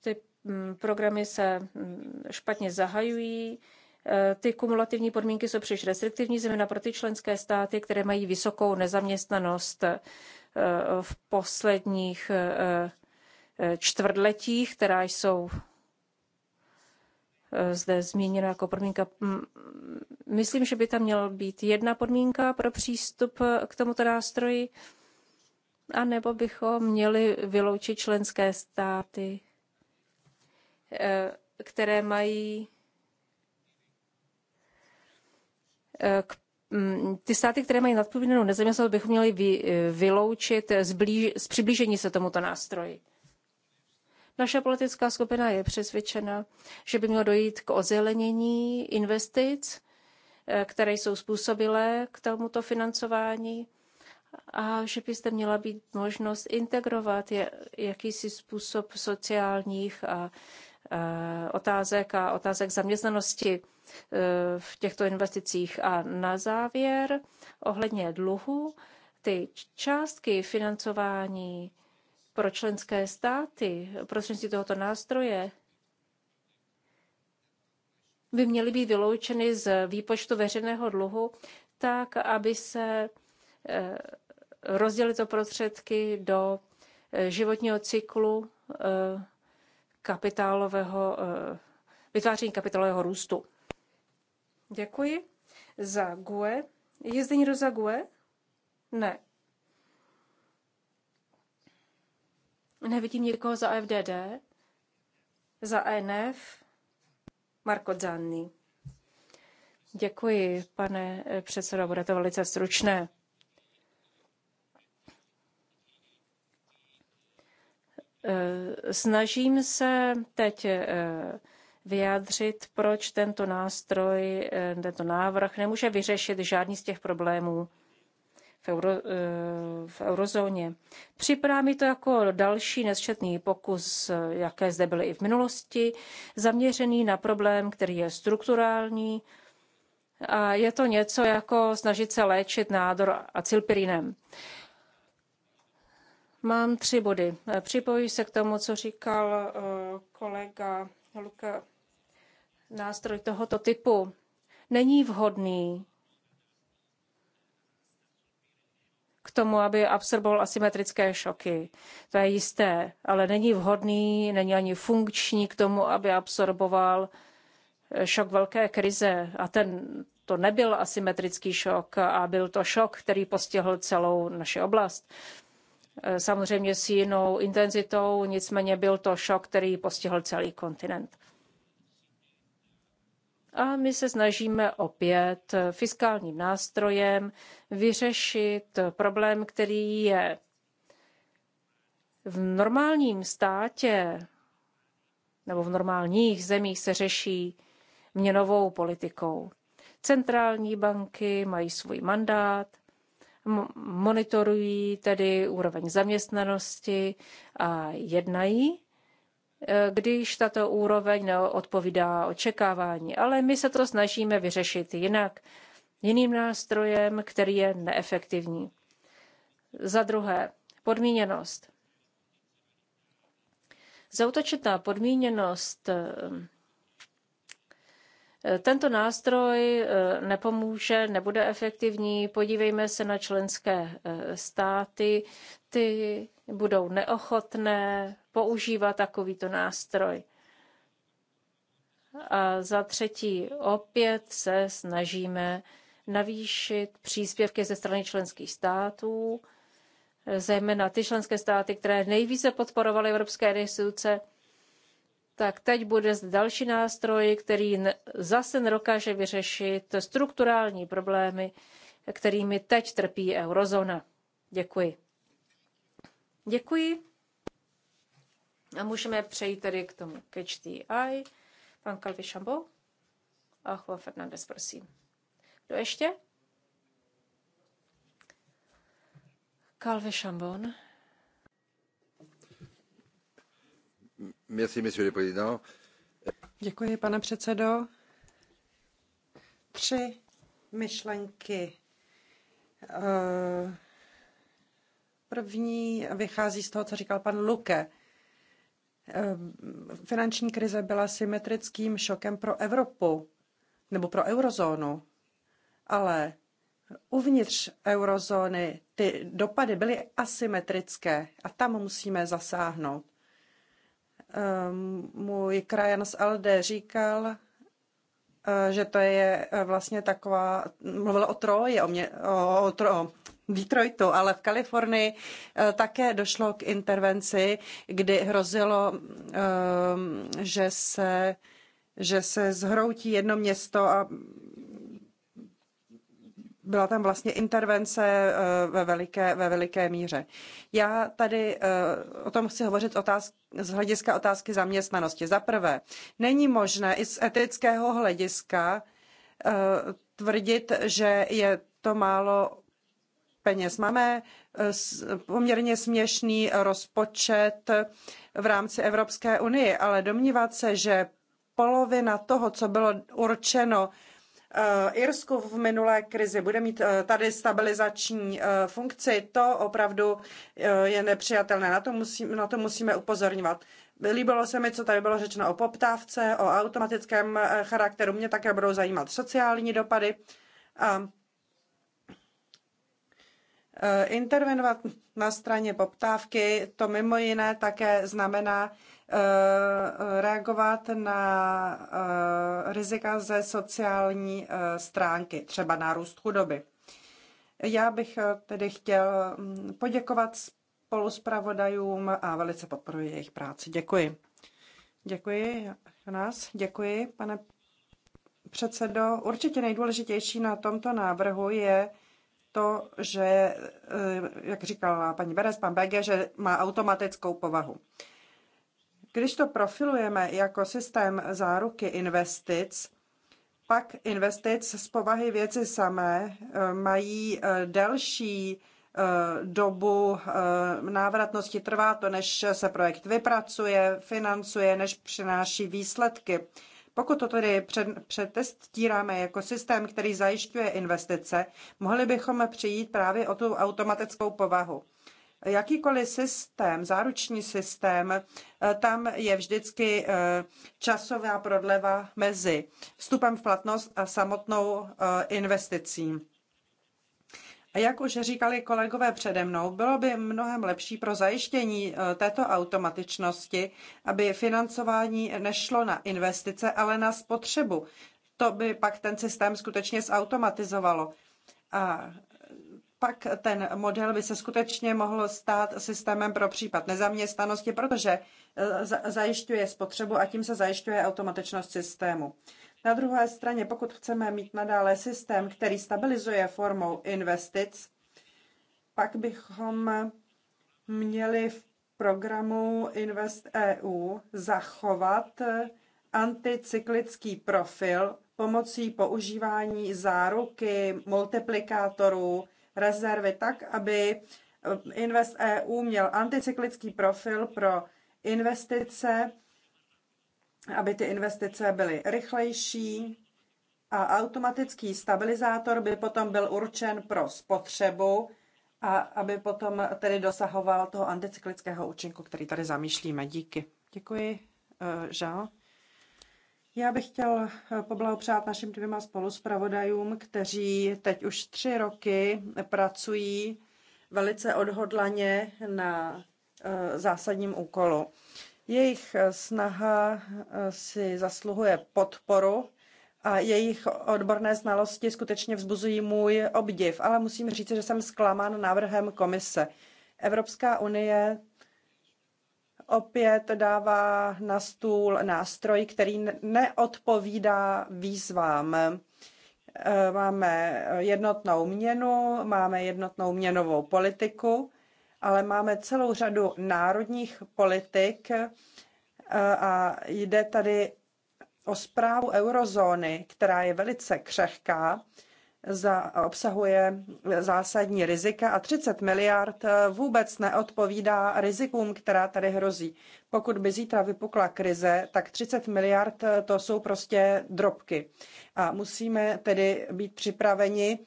[SPEAKER 3] ty mm, programy se mm, špatně zahajují, ty kumulativní podmínky jsou příliš restriktivní, zejména pro ty členské státy, které mají vysokou nezaměstnanost v posledních čtvrtletích, která jsou Eh, zde zmíněno jako podmínka. Myslím, že by tam měla být jedna podmínka pro přístup eh, k tomuto nástroji, anebo bychom měli vyloučit členské státy, eh, které mají k ty státy, které mají nadpovědnou nezaměstnanost, bychom měli vyloučit z, blíž, z přiblížení se tomuto nástroji. Naše politická skupina je přesvědčena, že by mělo dojít k ozelenění investic, eh, které jsou způsobilé k tomuto financování a že byste měla být možnost integrovat je, jakýsi způsob sociálních a, a otázek a otázek zaměstnanosti eh, v těchto investicích. A na závěr ohledně dluhu, ty částky financování pro členské státy prostřednictvím tohoto nástroje by měly být vyloučeny z výpočtu veřejného dluhu tak, aby se eh, rozdělily to prostředky do eh, životního cyklu eh, kapitálového, vytváření kapitálového růstu. Děkuji. Za GUE. Je zde někdo za GUE? Ne. Nevidím někoho za FDD, za ENF, Marko Zanni. Děkuji, pane eh, předsedo, bude to velice stručné. Eh, snažím se teď eh, vyjádřit, proč tento nástroj, tento návrh nemůže vyřešit žádný z těch problémů, v, euro, eh, v eurozóně. Připadá mi to jako další nesčetný pokus, jaké zde byly i v minulosti, zaměřený na problém, který je strukturální. A je to něco jako snažit se léčit nádor acilpirinem. Mám tři body. Připojuji se k tomu, co říkal eh, kolega Luka. Nástroj tohoto typu není vhodný k tomu, aby absorboval asymetrické šoky. To je jisté, ale není vhodný, není ani funkční k tomu, aby absorboval eh, šok velké krize. A ten to nebyl asymetrický šok a byl to šok, který postihl celou naši oblast. Eh, samozřejmě s jinou intenzitou, nicméně byl to šok, který postihl celý kontinent. A my se snažíme opět fiskálním nástrojem vyřešit problém, který je v normálním státě nebo v normálních zemích se řeší měnovou politikou. Centrální banky mají svůj mandát, monitorují tedy úroveň zaměstnanosti a jednají když tato úroveň neodpovídá očekávání. Ale my se to snažíme vyřešit jinak, jiným nástrojem, který je neefektivní. Za druhé, podmíněnost. Zautočit na podmíněnost Eh, tento nástroj eh, nepomůže, nebude efektivní. Podívejme se na členské eh, státy. Ty budou neochotné používat takovýto nástroj. A za třetí, opět se snažíme navýšit příspěvky ze strany členských států, zejména ty členské státy, které nejvíce podporovaly evropské instituce – tak teď bude další nástroj, který zase nedokáže vyřešit strukturální problémy, kterými teď trpí eurozóna. Děkuji. Děkuji. A můžeme přejít tedy k tomu catch the eye. Pan Calvi Šambo a Juan Fernández, prosím. Kdo ještě? Calvi Šambon.
[SPEAKER 1] Děkuji, pane předsedající Tři myšlenky. Eh, první vychází z toho, co říkal pan Luke. Eh, finanční krize byla symetrickým šokem pro Evropu nebo pro eurozónu, ale uvnitř eurozóny ty dopady byly asymetrické a tam musíme zasáhnout. Ehm, můj krajan z LD říkal, eh, že to je eh, vlastně taková, mluvil o Troji, o, mě, o, o, tro, o Detroitu, ale v Kalifornii eh, také došlo k intervenci, kdy hrozilo, ehm, že se, že se zhroutí jedno město a byla tam vlastně intervence eh, ve veliké, ve veliké míře. Já tady eh, o tom chci hovořit otázky, z hlediska otázky zaměstnanosti. Za prvé, není možné i z etického hlediska eh, tvrdit, že je to málo peněz. Máme poměrně směšný rozpočet v rámci Evropské unie, ale domnívat se, že polovina toho, co bylo určeno Eh, Irsko v minulé krizi bude mít eh, tady stabilizační eh, funkci, to opravdu je nepřijatelné. Na to, musí, na to musíme upozorňovat. Líbilo se mi, co tady bylo řečeno o poptávce, o automatickém charakteru. Mě také budou zajímat sociální dopady. A intervenovat na straně poptávky, to mimo jiné také znamená Eh, reagovat na eh, rizika ze sociální eh, stránky, třeba nárůst chudoby. Já bych tedy chtěl mm, poděkovat spoluspravodajům a velice podporuji jejich práci. Děkuji. Děkuji, nás. Děkuji, pane předsedo. Určitě nejdůležitější na tomto návrhu je to, že, jak říkala paní Beres, pan BG, že má automatickou povahu. Když to profilujeme jako systém záruky investic, pak investic z povahy věci samé eh, mají eh, delší eh, dobu návratnosti. Trvá to, než se projekt vypracuje, financuje, než přináší výsledky. Pokud to tedy před, jako systém, který zajišťuje investice, mohli bychom přijít právě o tu automatickou povahu jakýkoliv systém, záruční systém, eh, tam je vždycky eh, časová prodleva mezi vstupem v platnost a samotnou eh, investicí. A jak už říkali kolegové přede mnou, bylo by mnohem lepší pro zajištění této automatičnosti, aby financování nešlo na investice, ale na spotřebu. To by pak ten systém skutečně zautomatizovalo. A pak ten model by se skutečně mohl stát systémem pro případ nezaměstnanosti, protože e, zajišťuje spotřebu a tím se zajišťuje automatičnost systému. Na druhé straně, pokud chceme mít nadále systém, který stabilizuje formou investic, pak bychom měli v programu Invest EU zachovat anticyklický profil pomocí používání záruky, multiplikátorů rezervy tak, aby eh, Invest EU měl anticyklický profil pro investice, aby ty investice byly rychlejší a automatický stabilizátor by potom byl určen pro spotřebu a aby potom tedy dosahoval toho anticyklického účinku, který tady zamýšlíme. Díky. Děkuji, eh, Jean. Já bych chtěl eh, poblahopřát našim dvěma spoluspravodajům, kteří teď už tři roky pracují velice odhodlaně na eh, zásadním úkolu. Jejich eh, snaha si zasluhuje podporu a jejich odborné znalosti skutečně vzbuzují můj obdiv, ale musím říct, že jsem zklamán návrhem komise. Evropská unie opět dává na stůl nástroj, který neodpovídá výzvám. E, máme jednotnou měnu, máme jednotnou měnovou politiku, ale máme celou řadu národních politik e, a jde tady o zprávu eurozóny, která je velice křehká za, obsahuje zásadní rizika a 30 miliard vůbec neodpovídá rizikům, která tady hrozí. Pokud by zítra vypukla krize, tak 30 miliard to jsou prostě drobky. A musíme tedy být připraveni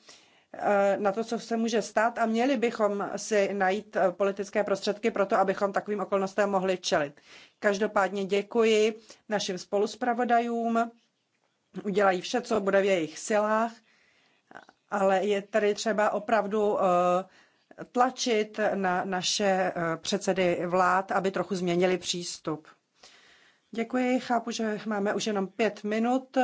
[SPEAKER 1] eh, na to, co se může stát a měli bychom si najít eh, politické prostředky pro to, abychom takovým okolnostem mohli čelit. Každopádně děkuji našim spoluspravodajům, udělají vše, co bude v jejich silách ale je tady třeba opravdu eh, tlačit na naše eh, předsedy vlád, aby trochu změnili přístup. Děkuji, chápu, že máme už jenom pět minut,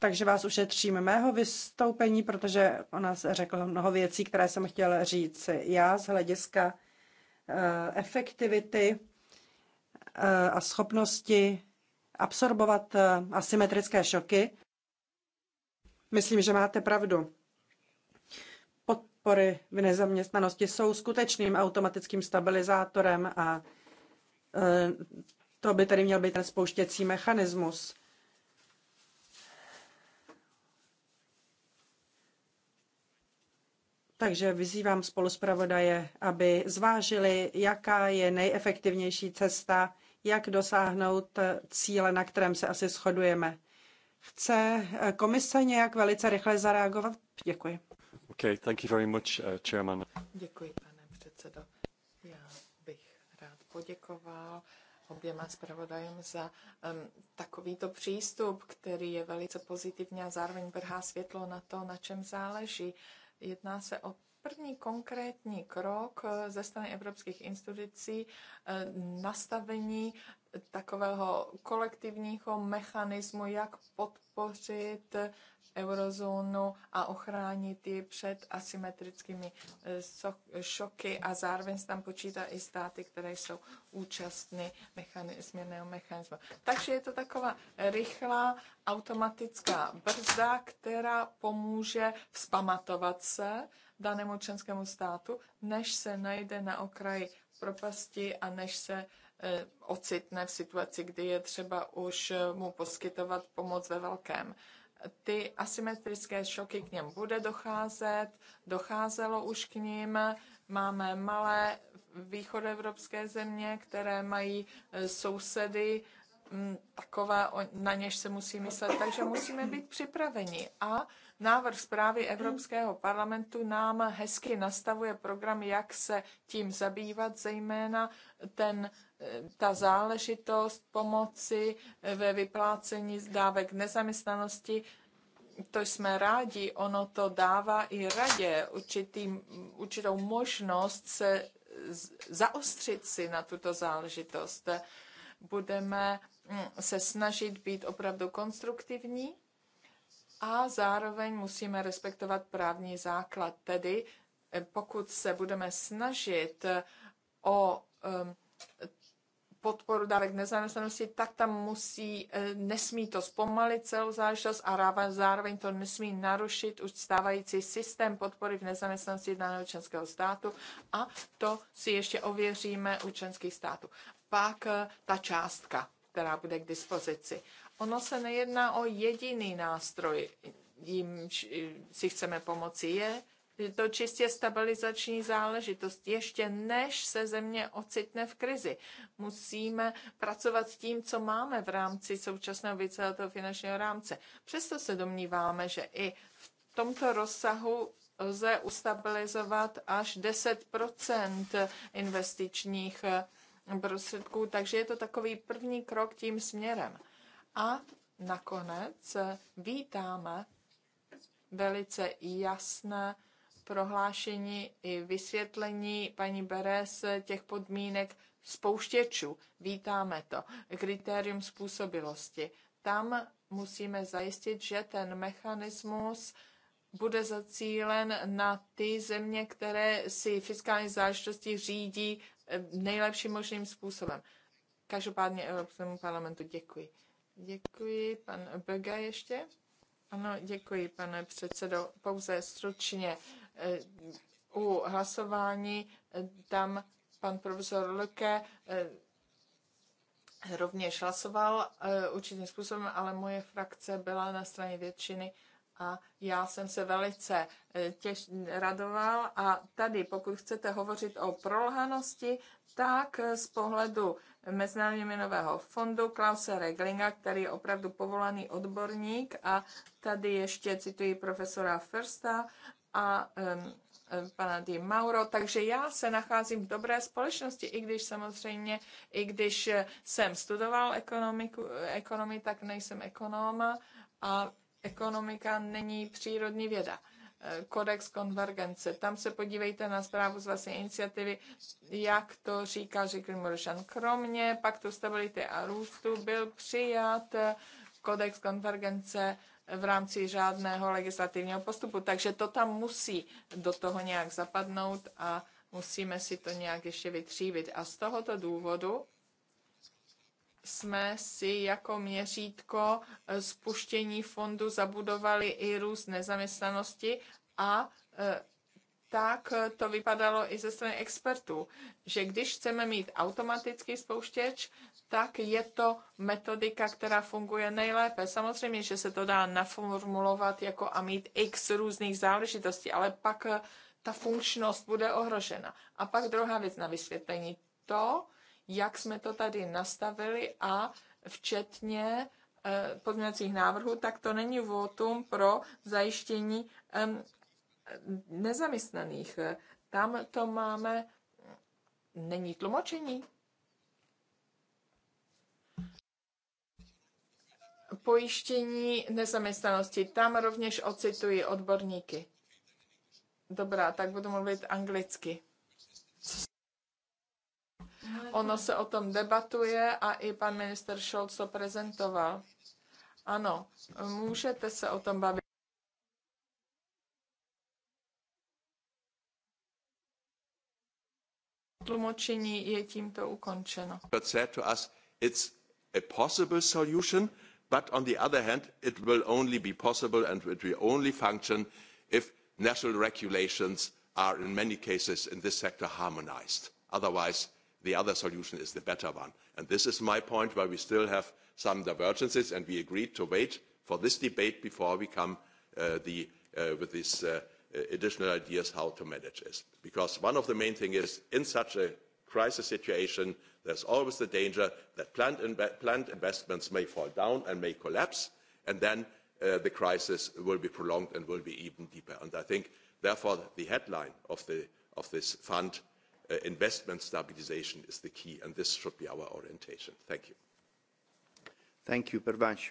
[SPEAKER 1] takže vás ušetříme mého vystoupení, protože o nás řekl mnoho věcí, které jsem chtěl říct já z hlediska eh, efektivity a schopnosti absorbovat asymetrické šoky. Myslím, že máte pravdu. Podpory v nezaměstnanosti jsou skutečným automatickým stabilizátorem a e, to by tedy měl být ten spouštěcí mechanismus. Takže vyzývám spoluspravodaje, aby zvážili, jaká je nejefektivnější cesta, jak dosáhnout cíle, na kterém se asi shodujeme. Chce eh, komise nějak velice rychle zareagovat? Děkuji. Okay, thank you very much, uh, chairman. Děkuji,
[SPEAKER 4] pane předsedo. Já bych rád poděkoval oběma zpravodajům za um, takovýto přístup, který je velice pozitivní a zároveň vrhá světlo na to, na čem záleží. Jedná se o První konkrétní krok eh, ze strany evropských institucí eh, nastavení takového kolektivního mechanismu, jak podpořit eurozónu a ochránit ji před asymetrickými eh, šoky a zároveň se tam počítá i státy, které jsou účastny směrného mechanismu. Takže je to taková rychlá automatická brzda, která pomůže vzpamatovat se, danému členskému státu, než se najde na okraji propasti a než se e, ocitne v situaci, kdy je třeba už e, mu poskytovat pomoc ve velkém. Ty asymetrické šoky k něm bude docházet, docházelo už k ním. Máme malé východoevropské země, které mají e, sousedy, Mm, taková, na něž se musí myslet, takže musíme být připraveni. A návrh zprávy Evropského parlamentu nám hezky nastavuje program, jak se tím zabývat, zejména ten, eh, ta záležitost pomoci eh, ve vyplácení dávek nezaměstnanosti, to jsme rádi, ono to dává i radě určitý, určitou možnost se zaostřit si na tuto záležitost. Budeme se snažit být opravdu konstruktivní a zároveň musíme respektovat právní základ. Tedy eh, pokud se budeme snažit eh, o ehm, podporu dávek nezaměstnanosti, tak tam musí, eh, nesmí to zpomalit celou záležitost a zároveň to nesmí narušit už stávající systém podpory v nezaměstnanosti daného členského státu a to si ještě ověříme u členských států. Pak ta částka která bude k dispozici. Ono se nejedná o jediný nástroj, jim si chceme pomoci. Je to čistě stabilizační záležitost. Ještě než se země ocitne v krizi, musíme pracovat s tím, co máme v rámci současného víceletého finančního rámce. Přesto se domníváme, že i v tomto rozsahu lze ustabilizovat až 10 investičních prostředků, takže je to takový první krok tím směrem. A nakonec eh, vítáme velice jasné prohlášení i vysvětlení paní Beres eh, těch podmínek spouštěčů. Vítáme to. Kritérium způsobilosti. Tam musíme zajistit, že ten mechanismus bude zacílen na ty země, které si fiskální záležitosti řídí Eh, nejlepším možným způsobem. Každopádně Evropskému parlamentu děkuji. Děkuji, pan Bega ještě. Ano, děkuji, pane předsedo. Pouze stručně. Eh, u hlasování eh, tam pan profesor Leke rovněž hlasoval určitým způsobem, ale moje frakce byla na straně většiny a já jsem se velice e, těž, radoval a tady, pokud chcete hovořit o prolhanosti, tak e, z pohledu Mezinárodní měnového fondu Klause Reglinga, který je opravdu povolaný odborník a tady ještě cituji profesora Firsta a um, pana Di Mauro, takže já se nacházím v dobré společnosti, i když samozřejmě, i když jsem studoval ekonomiku, ekonomii, tak nejsem ekonoma. a Ekonomika není přírodní věda. Eh, kodex konvergence. Tam se podívejte na zprávu z vlastní iniciativy, jak to říká Žikrin Moršan. Kromě paktu stability a růstu byl přijat eh, kodex konvergence v rámci žádného legislativního postupu. Takže to tam musí do toho nějak zapadnout a musíme si to nějak ještě vytřívit. A z tohoto důvodu jsme si jako měřítko eh, spuštění fondu zabudovali i růst nezaměstnanosti a eh, tak eh, to vypadalo i ze strany expertů, že když chceme mít automatický spouštěč, tak je to metodika, která funguje nejlépe. Samozřejmě, že se to dá naformulovat jako a mít x různých záležitostí, ale pak ta funkčnost bude ohrožena. A pak druhá věc na vysvětlení. To, jak jsme to tady nastavili a včetně eh, pozměňovacích návrhů, tak to není votum pro zajištění nezaměstnaných. Tam to máme, není tlumočení. Pojištění nezaměstnanosti, tam rovněž ocituji odborníky. Dobrá, tak budu mluvit anglicky. Ono se o tom debatuje a i pan minister Scholz to prezentoval. Ano, můžete se o tom bavit. Tlumočení je tímto ukončeno.
[SPEAKER 1] But to us, it's a possible solution, but on the other hand, it will only be possible and it will only function if national regulations are in many cases in this sector harmonized. Otherwise, the other solution is the better one. And this is my point where we still have some divergences and we agreed to wait for this debate before we come uh, the, uh, with these uh, additional ideas how to manage this. Because one of the main things is in such a crisis situation, there's always the danger that planned, planned investments may fall down and may collapse, and then uh, the crisis will be prolonged and will be even deeper. And I think, therefore, the headline of, the, of this fund Uh, investment stabilization is the key, and this should be our orientation.
[SPEAKER 2] Thank you. Thank you, Pervanch.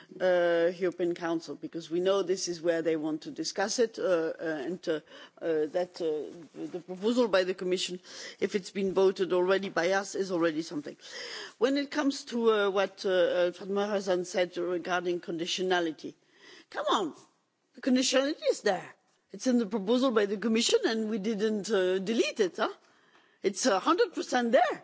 [SPEAKER 5] Uh, European Council because we know this is where they want to discuss it uh, uh, and that the proposal by the Commission, if it's been voted already by us, is already something. When it comes to what Alfred Morazan said regarding conditionality, come on, the conditionality is there. It's in the proposal by the Commission and we didn't delete it. it's one hundred there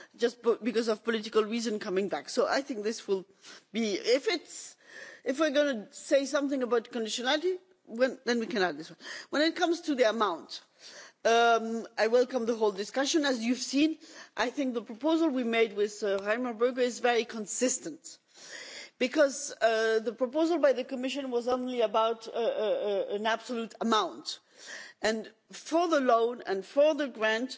[SPEAKER 5] just because of political reason coming back. so i think this will be if it's if we're going to say something about conditionality then we can add this one. when it comes to the amount um, i welcome the whole discussion. as you've seen i think the proposal we made with uh, reimer bge is very consistent because uh, the proposal by the commission was only about uh, uh, uh an absolute amount and for the loan and for the grant